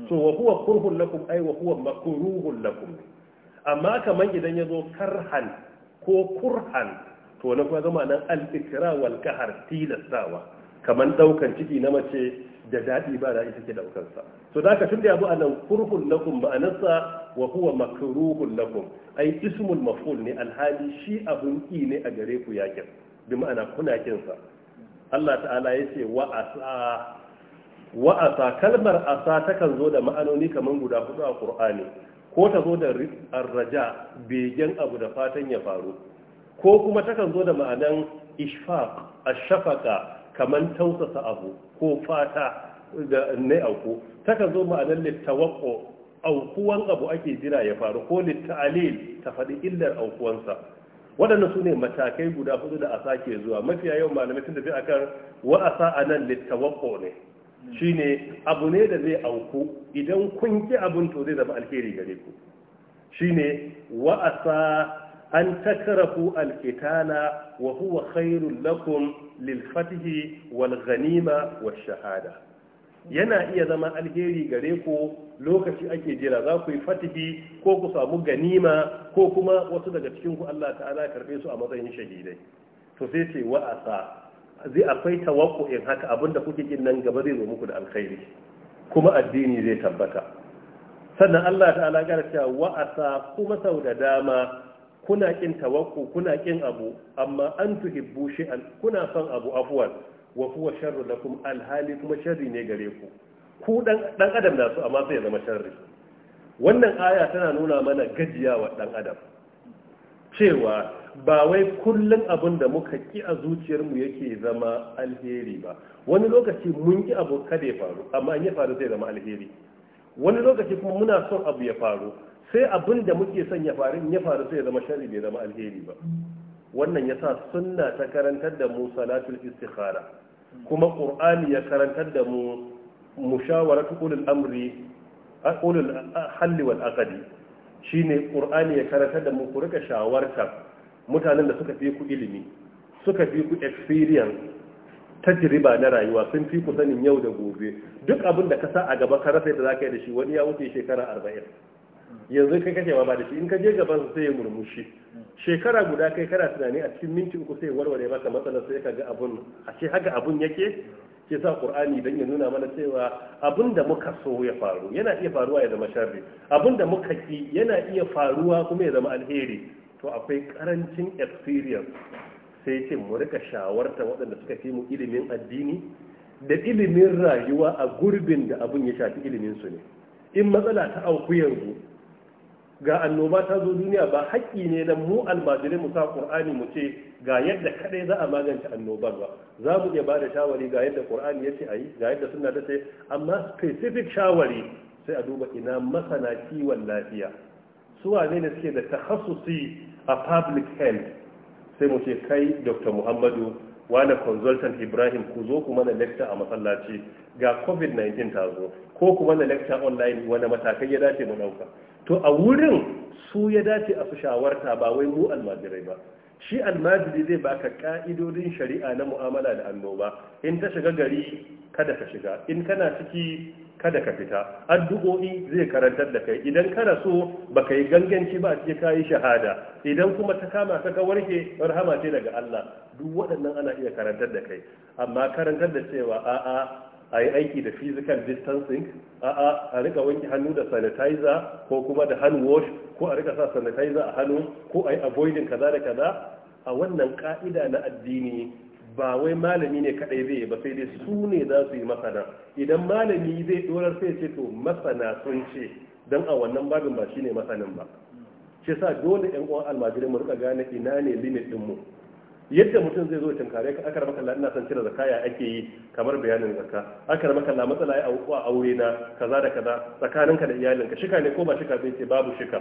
so wa huwa kurhun lakum ai wa huwa makruhun lakum amma kaman idan ya zo karhan ko kurhan to na kuma zama nan al-ikra wal kahar tilastawa kaman daukan ciki na mace da daɗi ba daɗi take sa. to da ka tunda abu anan kurhun lakum sa. wa huwa makruhun lakum ai ismul maf'ul ne alhali shi abun ki ne a gare ku yakin bi ma'ana kuna sa Allah ta'ala ya ce wa asa wa asa kalmar asa takan zo da ma'anoni kaman guda hudu a Qur'ani ko ta zo da arraja begen abu da fatan ya faru ko kuma takan zo da ma'anan ishfaq ashfaqa kaman tausasa abu ko fata da ne auku takan zo ma'anar littawakko aukuwan abu ake jira ya faru ko littalil ta faɗi illar aukuwansa waɗanda su ne matakai guda hudu da asa ke zuwa mafiya yau malamai sun tafi akan wa a nan littawakko ne Shi ne abu ne da zai auku idan kun ki abin to zai zama alheri gare ku shine wa wa'asa. an takarafu alkitala wa huwa khairul lakum lil fatihi wal ghanima wash shahada yana iya zama alheri gare ku lokaci ake jira za ku yi fatihi ko ku samu ganima ko kuma wasu daga cikin ku Allah ta'ala karbe su a matsayin shahidai to sai ce wa asa zai akwai tawakkuin haka abinda kuke kin nan gaba zai zo muku da alkhairi kuma addini zai tabbata sannan Allah ta'ala ya cewa wa asa kuma sau da dama kuna kin tawakku kuna kin abu amma an tuhibbu shi'an kuna son abu afwal wa huwa sharru lakum alhali kuma sharri ne gare ku ku dan dan adam na su amma sai ya zama sharri wannan aya tana nuna mana gajiyawa dan adam cewa ba wai kullun abin da muka ki a zuciyarmu yake zama alheri ba wani lokaci mun ki abu kada ya faru amma an ya faru zai zama alheri wani lokaci kuma muna son abu ya faru sai abin da muke son ya faru ya faru sai ya zama shari bai zama alheri ba wannan yasa suna ta karantar da mu salatul istikhara kuma qur'ani ya karantar da mu mushawaratu ulul amri ulul halli wal aqdi shine qur'ani ya karantar da mu ku rika shawarta mutanen da suka fi ku ilimi suka fi ku experience tajriba na rayuwa sun fi ku sanin yau da gobe duk abin da ka sa a gaba ka rasa da zaka yi da shi wani ya wuce shekara arba'in yanzu kai kake ba da shi in ka je gaban sai ya murmushi shekara guda kai kana tunani a cikin minti uku sai warware maka matsalar sai ka ga abun a ce haka abun yake ke sa qur'ani dan ya nuna mana cewa abun da muka so ya faru yana iya faruwa ya zama sharri abun da muka ki yana iya faruwa kuma ya zama alheri to akwai karancin experience sai ce mu rika shawarta waɗanda suka fi mu ilimin addini da ilimin rayuwa a gurbin da abun ya shafi ilimin su ne in matsala ta auku yanzu ga annoba ta zo duniya ba haƙƙi ne na mu almajirai mu sa ƙur'ani mu ce ga yadda kaɗai za a magance annobar ba za mu iya bada shawari ga yadda Kur'ani yace yi ga yadda suna ta ce amma specific shawari sai a duba ina masana kiwon lafiya su wane ne suke da takhassusi a public health sai mu ce kai dr muhammadu wani consultant ibrahim ku zo ku mana lecture a masallaci ga covid-19 ta zo ko ku mana lecture online wani matakai ya dace mu ɗauka to a wurin su ya dace a su shawarta ba wai mu almajirai ba shi almajiri zai baka ka'idodin shari'a na mu'amala da annoba in ta shiga gari kada ka shiga in kana ciki kada ka fita addu'o'i zai karantar da kai idan ka rasu, baka yi ganganci ba a ka yi shahada idan kuma ta kama ka warke rahama ce daga Allah duk waɗannan ana iya karantar da kai amma karantar da cewa a'a a yi aiki da physical distancing a'a, a rika wanke hannu da sanitizer ko kuma da hand wash ko a rika sa sanitizer a hannu ko a yi avoiding kaza da kaza a wannan ka'ida na addini ba wai malami ne kadai zai ba sai dai su ne za su yi masana idan malami zai dorar sai ce to masana sun ce don a wannan babin ba shi ne masanin ba ce sa dole yan uwan almajirin mu rika gane ina ne limit din mu yadda mutum zai zo tunkare ka akar makalla ina san cire ya ake yi kamar bayanin zakka akar makalla matsala ya a aure na kaza da kaza tsakaninka da iyalinka shika ne ko ba shika zai ce babu shika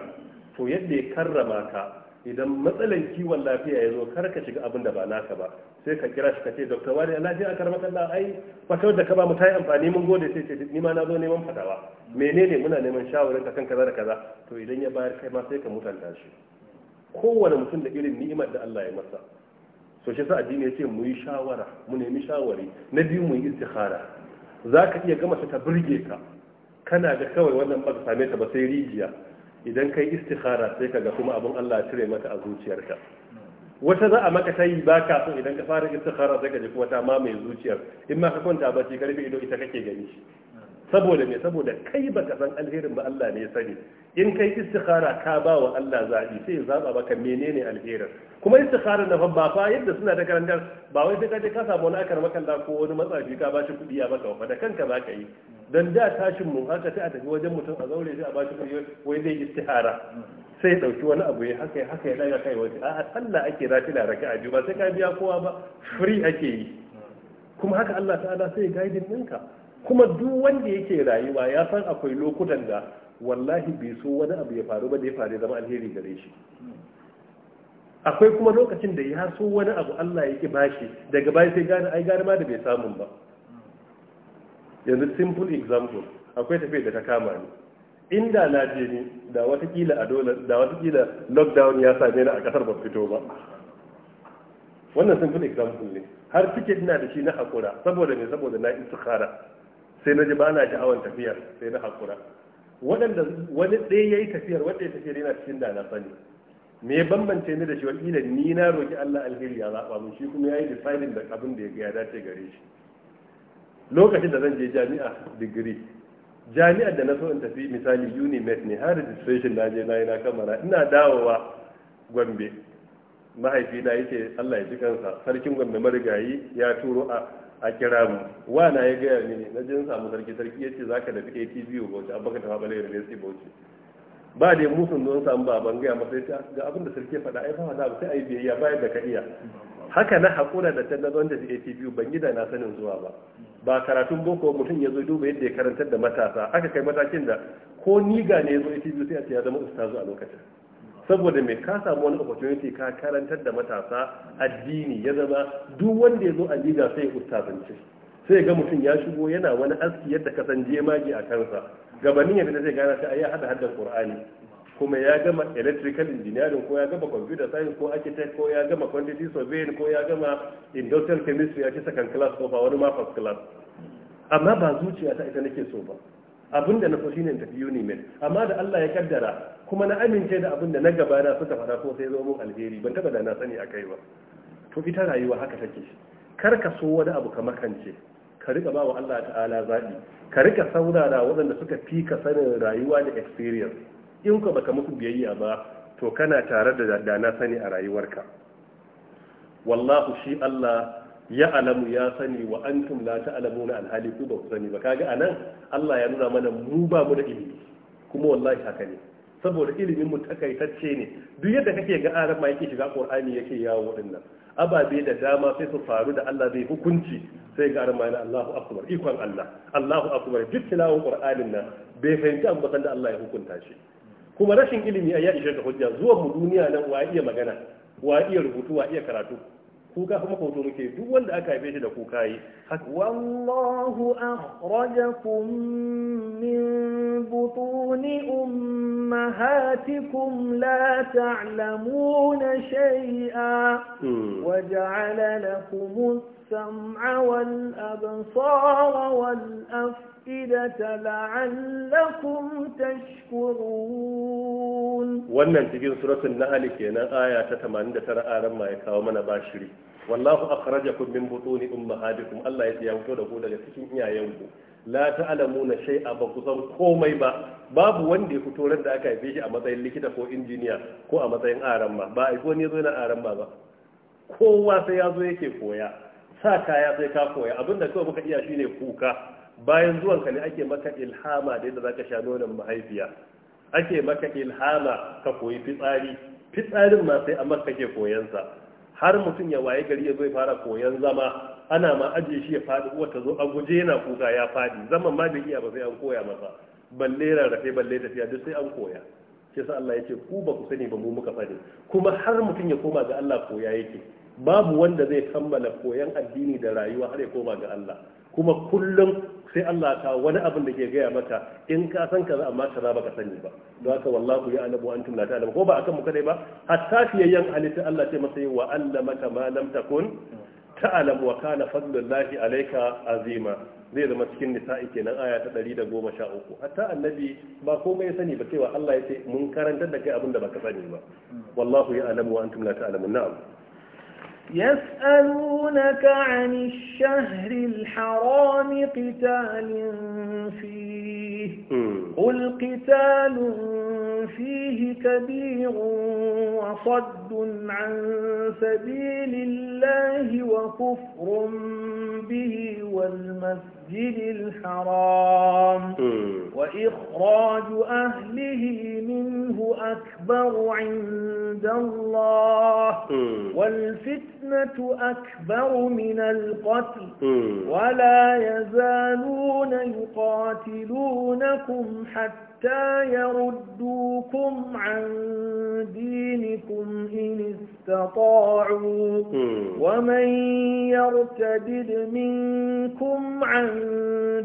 to yadda ya karrama ka idan matsalan kiwon lafiya ya zo kar ka shiga abin da ba naka ba sai ka kira shi ka ce dokta wani lafiya a karɓar ai fatawar da ka ba mu ta yi amfani mun gode sai ce ni ma na zo neman fatawa menene muna neman shawarar ka kan kaza da kaza to idan ya bayar kai ma sai ka mutanta shi kowane mutum da irin ni'imar da Allah ya masa so shi yasa addini yace mu yi shawara mu nemi shawari na biyu mu yi istikhara zaka iya gama ta burge ka kana ga kawai wannan ba ka same ta ba sai rijiya idan kai istikhara sai ka ga kuma abin Allah ya cire maka a zuciyarka wata za a maka ta yi ba ka so idan ka fara istikhara sai ka ji kuma ta mamaye zuciyar in ma ka kwanta ba ce karfe ido ita kake gani saboda me saboda kai baka san alherin ba Allah ne ya sani in kai istikhara ka ba wa Allah zabi sai ya zaba maka menene alherin kuma istikhara na ba fa yadda suna da karantar ba wai sai ka je ka samu wani akar maka da ko wani matsafi ka bashi kudi ya baka wa da kanka ka yi dan da tashin mu haka sai a tafi wajen mutum a zaure sai a bashi kudi wai zai istihara sai dauki wani abu ya haka ya haka ya daga kai wani a Allah ake rafila raka'a biyu ba sai ka biya kowa ba free ake yi kuma haka Allah ta'ala sai ya guiding ɗinka kuma duk wanda yake rayuwa ya san akwai lokutan da wallahi bai so wani abu ya faru ba da ya faru zama alheri gare shi akwai kuma lokacin da ya so wani abu Allah yake bashi daga baya sai gane ai gane ma da bai samu ba yanzu simple example akwai tafi da ta kama ni inda na je ni da watakila a dole da watakila lockdown ya same ni a kasar ban fito ba wannan simple example ne har ticket ina da shi na hakura saboda me saboda na istikhara sai na ji ba na tafiyar sai na hakura waɗanda wani ɗaya ya yi tafiyar wanda ya tafiyar yana cikin da na sani me ya bambance ni da shi wakila ni na roki Allah alheri ya zaɓa mun shi kuma ya yi decidin da abin da ya dace gare shi lokacin da zan je jami'a digiri jami'ar da na so in tafi misali unimet ne har registration na je na yi na kamara ina dawowa gombe mahaifina yake Allah ya ji kansa sarkin gombe marigayi ya turo a a kira mu wana ya gaya mini na jin samu sarki sarki ya ce za ka dafi atv bauchi an baka tafa balayin university bauchi ba da musun don samu ba ban gaya masa ya ga abin da sarki ya faɗa ai ba da sai ai biyayya bayan da ka iya haka na hakura da ta don da atv ban gida na sanin zuwa ba ba karatun boko mutum ya zo duba yadda ya karantar da matasa aka kai matakin da ko niga ne ya zo atv sai a ce ya zama ustazu a lokacin saboda mai ka samu wani opportunity ka karantar da matasa addini ya zama duk wanda ya zo a liga sai ustazance sai ga mutum ya shigo yana wani aski yadda ka san jemagi a kansa gabanin yadda zai gana ta ayi hada haddan qur'ani kuma ya gama electrical engineering ko ya gama computer science ko architect ko ya gama quantity surveying ko ya gama industrial chemistry ya ci second class ko ba wani ma first class amma ba zuciya ta ita nake so ba abin da na so shine tafi unimed amma da Allah ya kaddara kuma na amince da abin da na gaba na suka fara ko sai zo mun alheri ban taba da na sani akai ba to ita rayuwa haka take kar ka so wani abu ka makance ka rika ba wa Allah ta'ala zaɓi ka rika saurara waɗanda suka fi ka sanin rayuwa da experience in ka baka musu biyayya ba to kana tare da na sani a rayuwarka wallahu shi Allah ya alamu ya sani wa antum la na alhali ku ba ku sani ba kaga anan Allah ya nuna mana mu ba mu da ilimi kuma wallahi haka ne saboda ilimin mu takaitacce ne duk yadda kake ga arab ma yake shiga qur'ani yake yawo waɗannan ababe da dama sai su faru da Allah zai hukunci sai ga arab na Allahu akbar ikon Allah Allahu akbar duk tilawon qur'anin nan bai an ambatan da Allah ya hukunta shi kuma rashin ilimi ya ishe da hujja zuwa mu duniya nan wa iya magana wa iya rubutu wa iya karatu kuka kuma hoto muke duk wanda aka haife shi da kuka yi wallahu akhrajakum min butuni ummahatikum la ta'lamuna shay'a hmm. wa ja'ala lakum as-sam'a wal absara wal af'a الأفئدة لعلكم تشكرون wannan cikin suratul nahl kenan aya ta 89 aran ma ya kawo mana bashiri wallahu akhrajakum min butuni ummahatikum Allah ya yanko da ku daga cikin iyayenku la ta'lamuna shay'a ba ku san komai ba babu wanda ya fito ran da aka haife shi a matsayin likita ko injiniya ko a matsayin aran ma ba ai ko ne zo na aran ma ba kowa sai ya zo yake koya sa kaya sai ka koya abinda kawai muka iya shine kuka bayan zuwanka ne ake maka ilhama da yadda zaka sha nonon mahaifiya ake maka ilhama ka koyi fitsari fitsarin ma sai amma kake sa har mutum ya waye gari ya zo ya fara koyan zama ana ma ajiye shi ya fadi uwar ta zo a guje yana kuka ya fadi zaman ma bai iya ba sai an koya masa balle rarrafe balle tafiya duk sai an koya shi yasa Allah yake ku ba ku sani ba mu muka fadi kuma har mutum ya koma ga Allah koya yake babu wanda zai kammala koyan addini da rayuwa har ya koma ga Allah kuma kullum sai Allah ka wani abin da ke gaya mata in ka san kaza amma kaza baka sani ba don haka wallahu ya alamu antum la ta'lamu ko ba akan mu kadai ba hatta fiyayyan halitta Allah ce masa wa allamaka ma lam takun alamu wa kana fadlullahi alayka azima zai zama cikin nisa'i kenan aya ta 113 hatta annabi ba komai sani ba cewa Allah ya ce mun karantar da kai abin da baka sani ba wallahu ya alamu wa antum la ta'lamun na'am يسألونك عن الشهر الحرام قتال فيه قل قتال فيه كبير وصد عن سبيل الله وكفر به والمسجد المسجد الحرام وإخراج أهله منه أكبر عند الله والفتنة أكبر من القتل ولا يزالون يقاتلونكم حتى حتى يردوكم عن دينكم إن استطاعوا ومن يرتدد منكم عن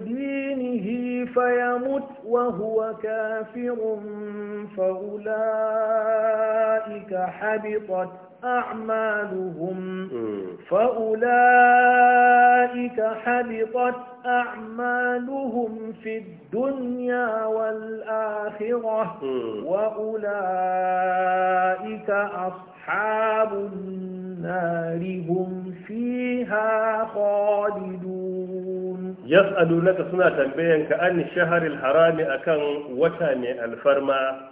دينه فيمت وهو كافر فأولئك حبطت أعمالهم فأولئك حبطت أعمالهم في الدنيا والآخرة وأولئك أصحاب النار هم فيها خالدون يسألونك سنة تنبيهن كأن الشهر الحرام أكن وتاني الفرما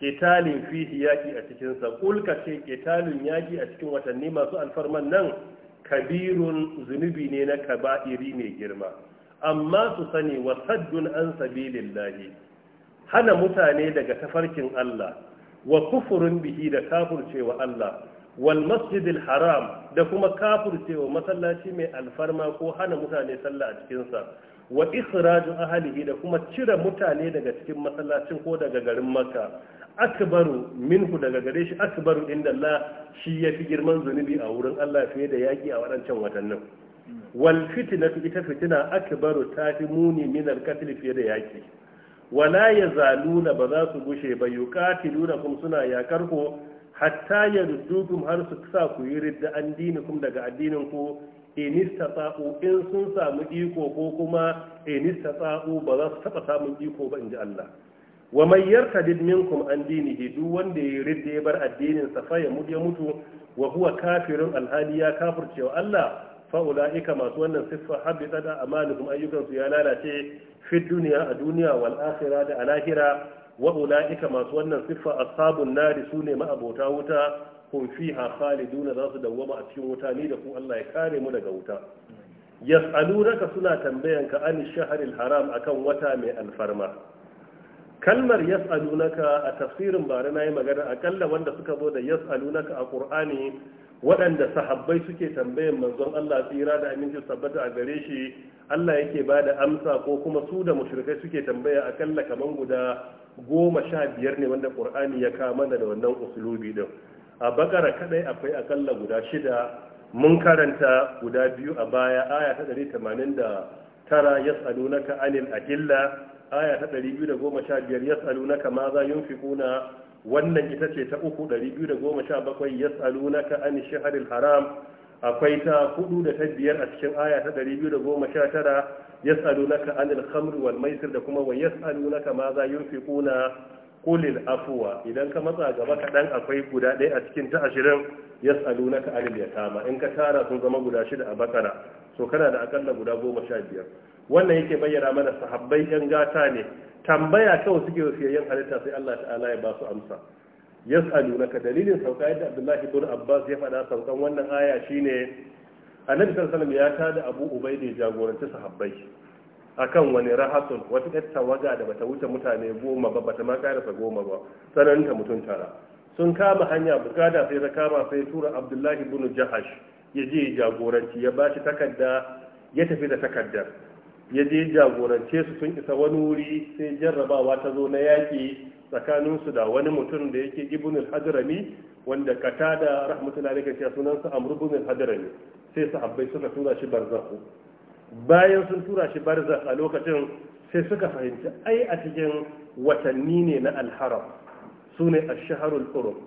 Ƙetalin fihi yaƙi a cikinsa kulka ce ƙetalin yaƙi a cikin watanni masu alfarman nan kabirun zunubi ne na kaba'iri mai girma amma su sani wa saddun an sabilillahi hana mutane daga tafarkin Allah wa kufurin bihi da kafurcewa Allah wal masjidil haram da kuma kafurcewa masallaci mai alfarma ko hana mutane sallah a cikinsa wa ikhraju ahlihi da kuma cire mutane daga cikin masallacin ko daga garin makka akbaru minhu daga gare shi akbaru inda Allah shi yafi girman zunubi a wurin Allah fiye da yaki a waɗancan watannin wal fitnatu ita fitina akbaru ta fi muni min al qatl fiye da yaki wala yazaluna ba za su gushe ba yuqatiluna kum suna yakar ku hatta yaruddukum har su sa ku yi ridda an dinikum daga addinin ku in istata'u in sun samu iko ko kuma in istata'u ba za su taba samun iko ba inji Allah wa man yartadid minkum an dinihi duk wanda ya ridda ya bar addinin sa fa ya mutu ya mutu wa huwa kafirun alhali ya kafirce wa Allah fa ulaika masu wannan siffa habita da amaluhum ayyukan su ya lalace fi duniya a duniya wal akhirah da alahira wa ulaika masu wannan siffa ashabun nari sune ma'abota wuta kun fiha khaliduna za su dawwama a cikin wuta ni da ku Allah ya kare mu daga wuta yas'alunaka suna tambayanka an shahril haram akan wata mai alfarma kalmar yas'alunaka a tafsirin bare nayi magana akalla wanda suka zo da yas'alunaka a qur'ani waɗanda sahabbai suke tambayan manzon Allah tsira da aminci sabbata a gare shi Allah yake bada amsa ko kuma su da mushrikai suke tambaya akalla kaman guda goma sha biyar ne wanda qur'ani ya kama da wannan usulubi din a bakara kadai akwai akalla guda shida mun karanta guda biyu a baya aya ta 189 yas'alunaka anil ahilla aya ta 215 yas'alunaka ma za yin yunfiquna wannan ita ce ta uku 217 yas'alunaka an shahril haram akwai ta hudu da ta biyar a cikin aya ta 219 yas'alunaka anil khamri wal maisir da kuma wa yas'alunaka ma za yin yunfiquna kulil afuwa idan ka matsa gaba kaɗan akwai guda ɗaya a cikin ta ashirin ya tsalu na ya kama in ka tara sun zama guda shida a bakara so kana da akalla guda goma sha biyar wannan yake bayyana mana sahabbai yan gata ne tambaya kawai suke wasiyayyen halitta sai allah ta'ala ya ba su amsa ya tsalu ka dalilin sauka yadda abdullahi bin abbas ya faɗa saukan wannan aya shine annabi sallallahu alaihi wasallam ya tada abu ubaidi jagoranci sahabbai akan wani rahasun wata ƴar tawaga da bata wuce mutane goma ba bata ma goma ba sanan ta mutum tara sun kama hanya bukada sai ta kama sai tura abdullahi ibn jahash ya je jagoranci ya bashi takarda ya tafi da takardar ya je jagorance su sun isa wani wuri sai jarrabawa ta zo na yaki tsakanin su da wani mutum da yake ibn al-hadrami wanda kata da rahmatullahi alaihi sunansa amru ibn al-hadrami sai sahabbai suka tura shi barzakhu bayan sun tura shi barza a lokacin sai suka fahimci ai a cikin watanni ne na alharam su ne a shaharul hurum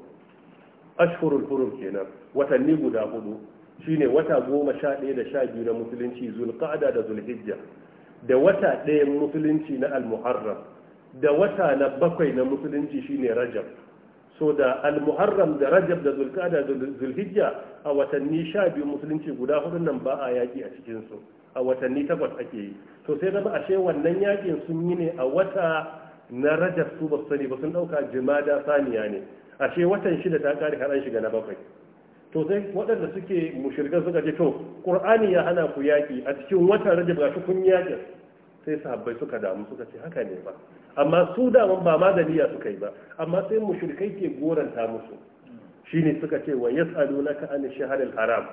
ashhurul hurum kenan watanni guda hudu ne wata goma sha ɗaya da sha biyu na musulunci zulqa'ada da zulhijja da wata ɗaya musulunci na almuharram da wata na bakwai na musulunci shi ne rajab so da almuharram da rajab da zulqa'ada da zulhijja a watanni sha biyu musulunci guda hudun nan ba a yaƙi a cikinsu. a watanni takwas ake yi to sai zama ashe wannan yakin sun yi ne a wata na rajab su ba sani ba sun dauka jimada saniya ne ashe watan shida ta kare har an shiga na bakwai to sai waɗanda suke mushirgan suka ce to qur'ani ya hana ku yaki a cikin watan rajab ga kun yakin sai sahabbai suka damu suka ce haka ne ba amma su daman ba ma daliya suka yi ba amma sai mushrikai ke goranta musu shine suka ce wa yas'alunaka an shahril haram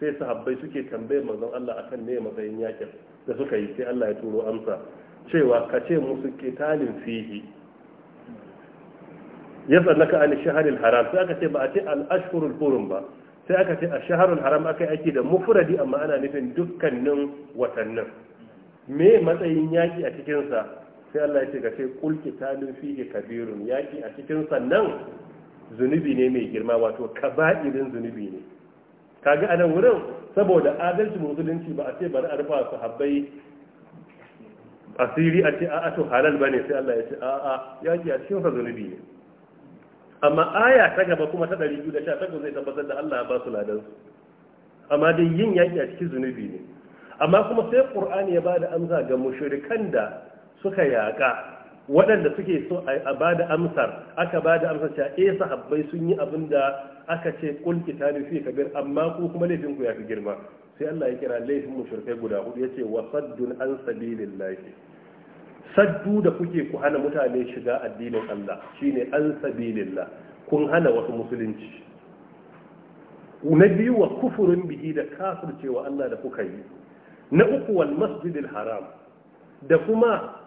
sai sahabbai suke tambayar manzon Allah akan ne matsayin yakin da suka yi sai Allah ya turo amsa cewa ka ce musu qitalin fihi yasalaka an shahril haram sai aka ce ba a ce al ashhurul hurum ba sai aka ce a haram akai ake da mufradi amma ana nufin dukkanin watannin me matsayin yaki a cikin sa sai Allah ya ce ka ce kul qitalin fihi kabirun yaki a cikin nan zunubi ne mai girma wato kaba'irin zunubi ne kaga a nan wurin saboda adalci musulunci ba a ce bari a rufa su habbai asiri a ce a'a to halal bane sai Allah ya ce a'a yaki a cikin sa zunubi ne amma aya ta gaba kuma ta 218 zai tabbatar da Allah ya ba su ladan su amma dai yin yaki a cikin zunubi ne amma kuma sai Qur'ani ya bada amsa ga mushrikan da suka yaka waɗanda suke so a bada amsar aka bada amsar cewa eh sahabbai sun yi abinda aka ce kul kitabi fi kabir amma ku kuma laifin ku yafi girma sai Allah ya kira laifin mushrikai guda hudu yace wa saddun an sabilillahi saddu da kuke ku hana mutane shiga addinin Allah shine an sabilillah kun hana wasu musulunci na biyu wa kufurin bihi da kafircewa Allah da kuka yi na uku wal masjidil haram da kuma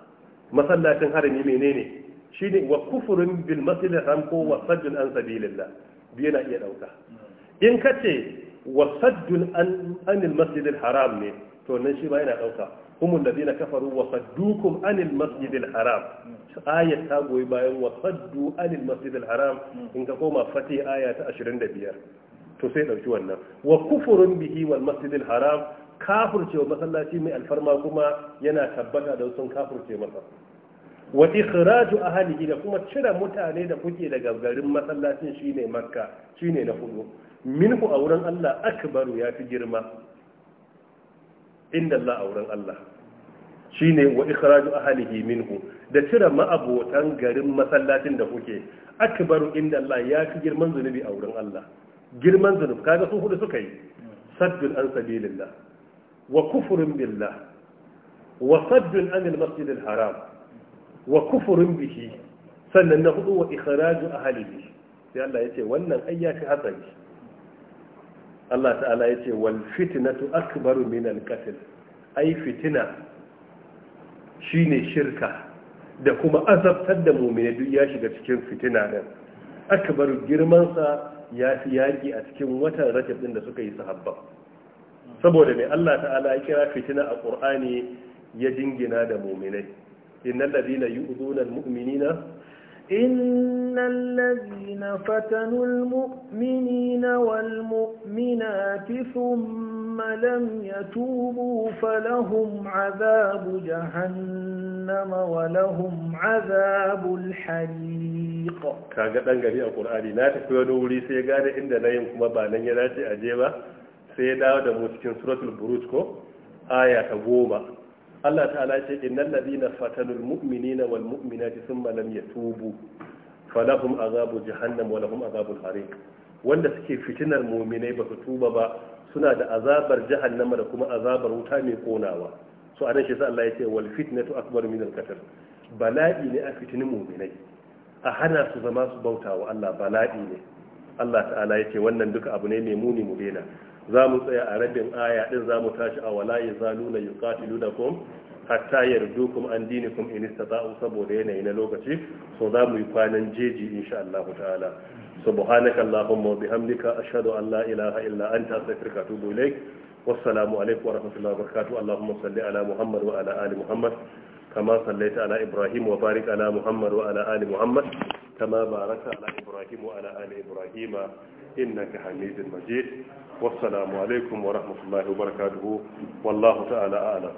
masallacin harami menene shine wa kufurin bil masjidil haram ko wa saddun an sabilillah biyu na iya ɗauka in ka ce wasaddun anil masjidil haram ne to nan shi ba yana ɗauka humul ladina kafaru wasaddukum anil masjidil haram ayat ta goyi bayan wasaddu anil masjidil haram in ka koma fati aya ta 25 to sai ɗauki wannan wa kufurun bihi wal masjidil haram kafurcewa masallaci mai alfarma kuma yana tabbata da sun kafurce masa wa ikhraju ahlihi da kuma cire mutane da kuke daga garin masallacin shine makka shine na hudu minhu a wurin Allah akbaru ya fi girma inda Allah a wurin Allah Shi shine wa ikhraju min ku da cire ma'abotan garin masallacin da kuke akbaru inda Allah ya fi girman zunubi a wurin Allah girman zunub kaga sun hudu suka yi saddun an sabilillah wa kufurin billah wa saddun anil masjidil haram wa kufurin bihi sannan na hudu wa ikhraju ahlihi sai Allah yace wannan ayyafi hatsari Allah ta'ala yace wal fitnatu akbaru min al qatl ai fitina shine shirka da kuma azabtar da mu'mini duk ya shiga cikin fitina nan akbaru girman sa fi yaki a cikin watan rajab din da suka yi sahabba saboda mai Allah ta'ala ya kira fitina a Qur'ani ya dingina da mu'minai innal ladina yu'dhuna al-mu'minina إن الذين فتنوا المؤمنين والمؤمنات ثم لم يتوبوا فلهم عذاب جهنم ولهم عذاب الحريق kaga dan gari a Qur'ani na tafi wani wuri sai gane inda nayin kuma ba na ya dace a je ba sai ya dawo da mu cikin suratul buruj ko aya ta goma Allah ta'ala ce innal ladina fatanul mu'minina wal mu'minati thumma lam yatubu falahum azabu jahannam wa lahum azabul hariq wanda suke fitinar mu'minai ba su tuba ba suna da azabar jahannama da kuma azabar wuta mai konawa so anan shi sai Allah ya ce wal fitnatu akbar min al qatl bala'i ne a fitinin mu'minai a hana su zama su bautawa Allah bala'i ne Allah ta'ala ya ce wannan duka abu ne mai muni mu daina za mu tsaya a rabin aya din za mu tashi a wala ya zaluna yuqatilunakum hatta yardukum an dinikum in istata'u saboda yanayi na lokaci so za mu yi kwanan jeji insha Allah ta'ala subhanaka allahumma wa bihamdika ashhadu an la ilaha illa anta astaghfiruka wa atubu ilaik wassalamu alaikum wa rahmatullahi wa barakatuh allahumma salli ala muhammad wa ala ali muhammad كما صليت على إبراهيم وبارك على محمد وعلى آل محمد كما باركت على إبراهيم وعلى آل إبراهيم إنك حميد مجيد wassalamu alaikum wa rahmatullahi wa barakatuhu wallahu ta'ala a'lam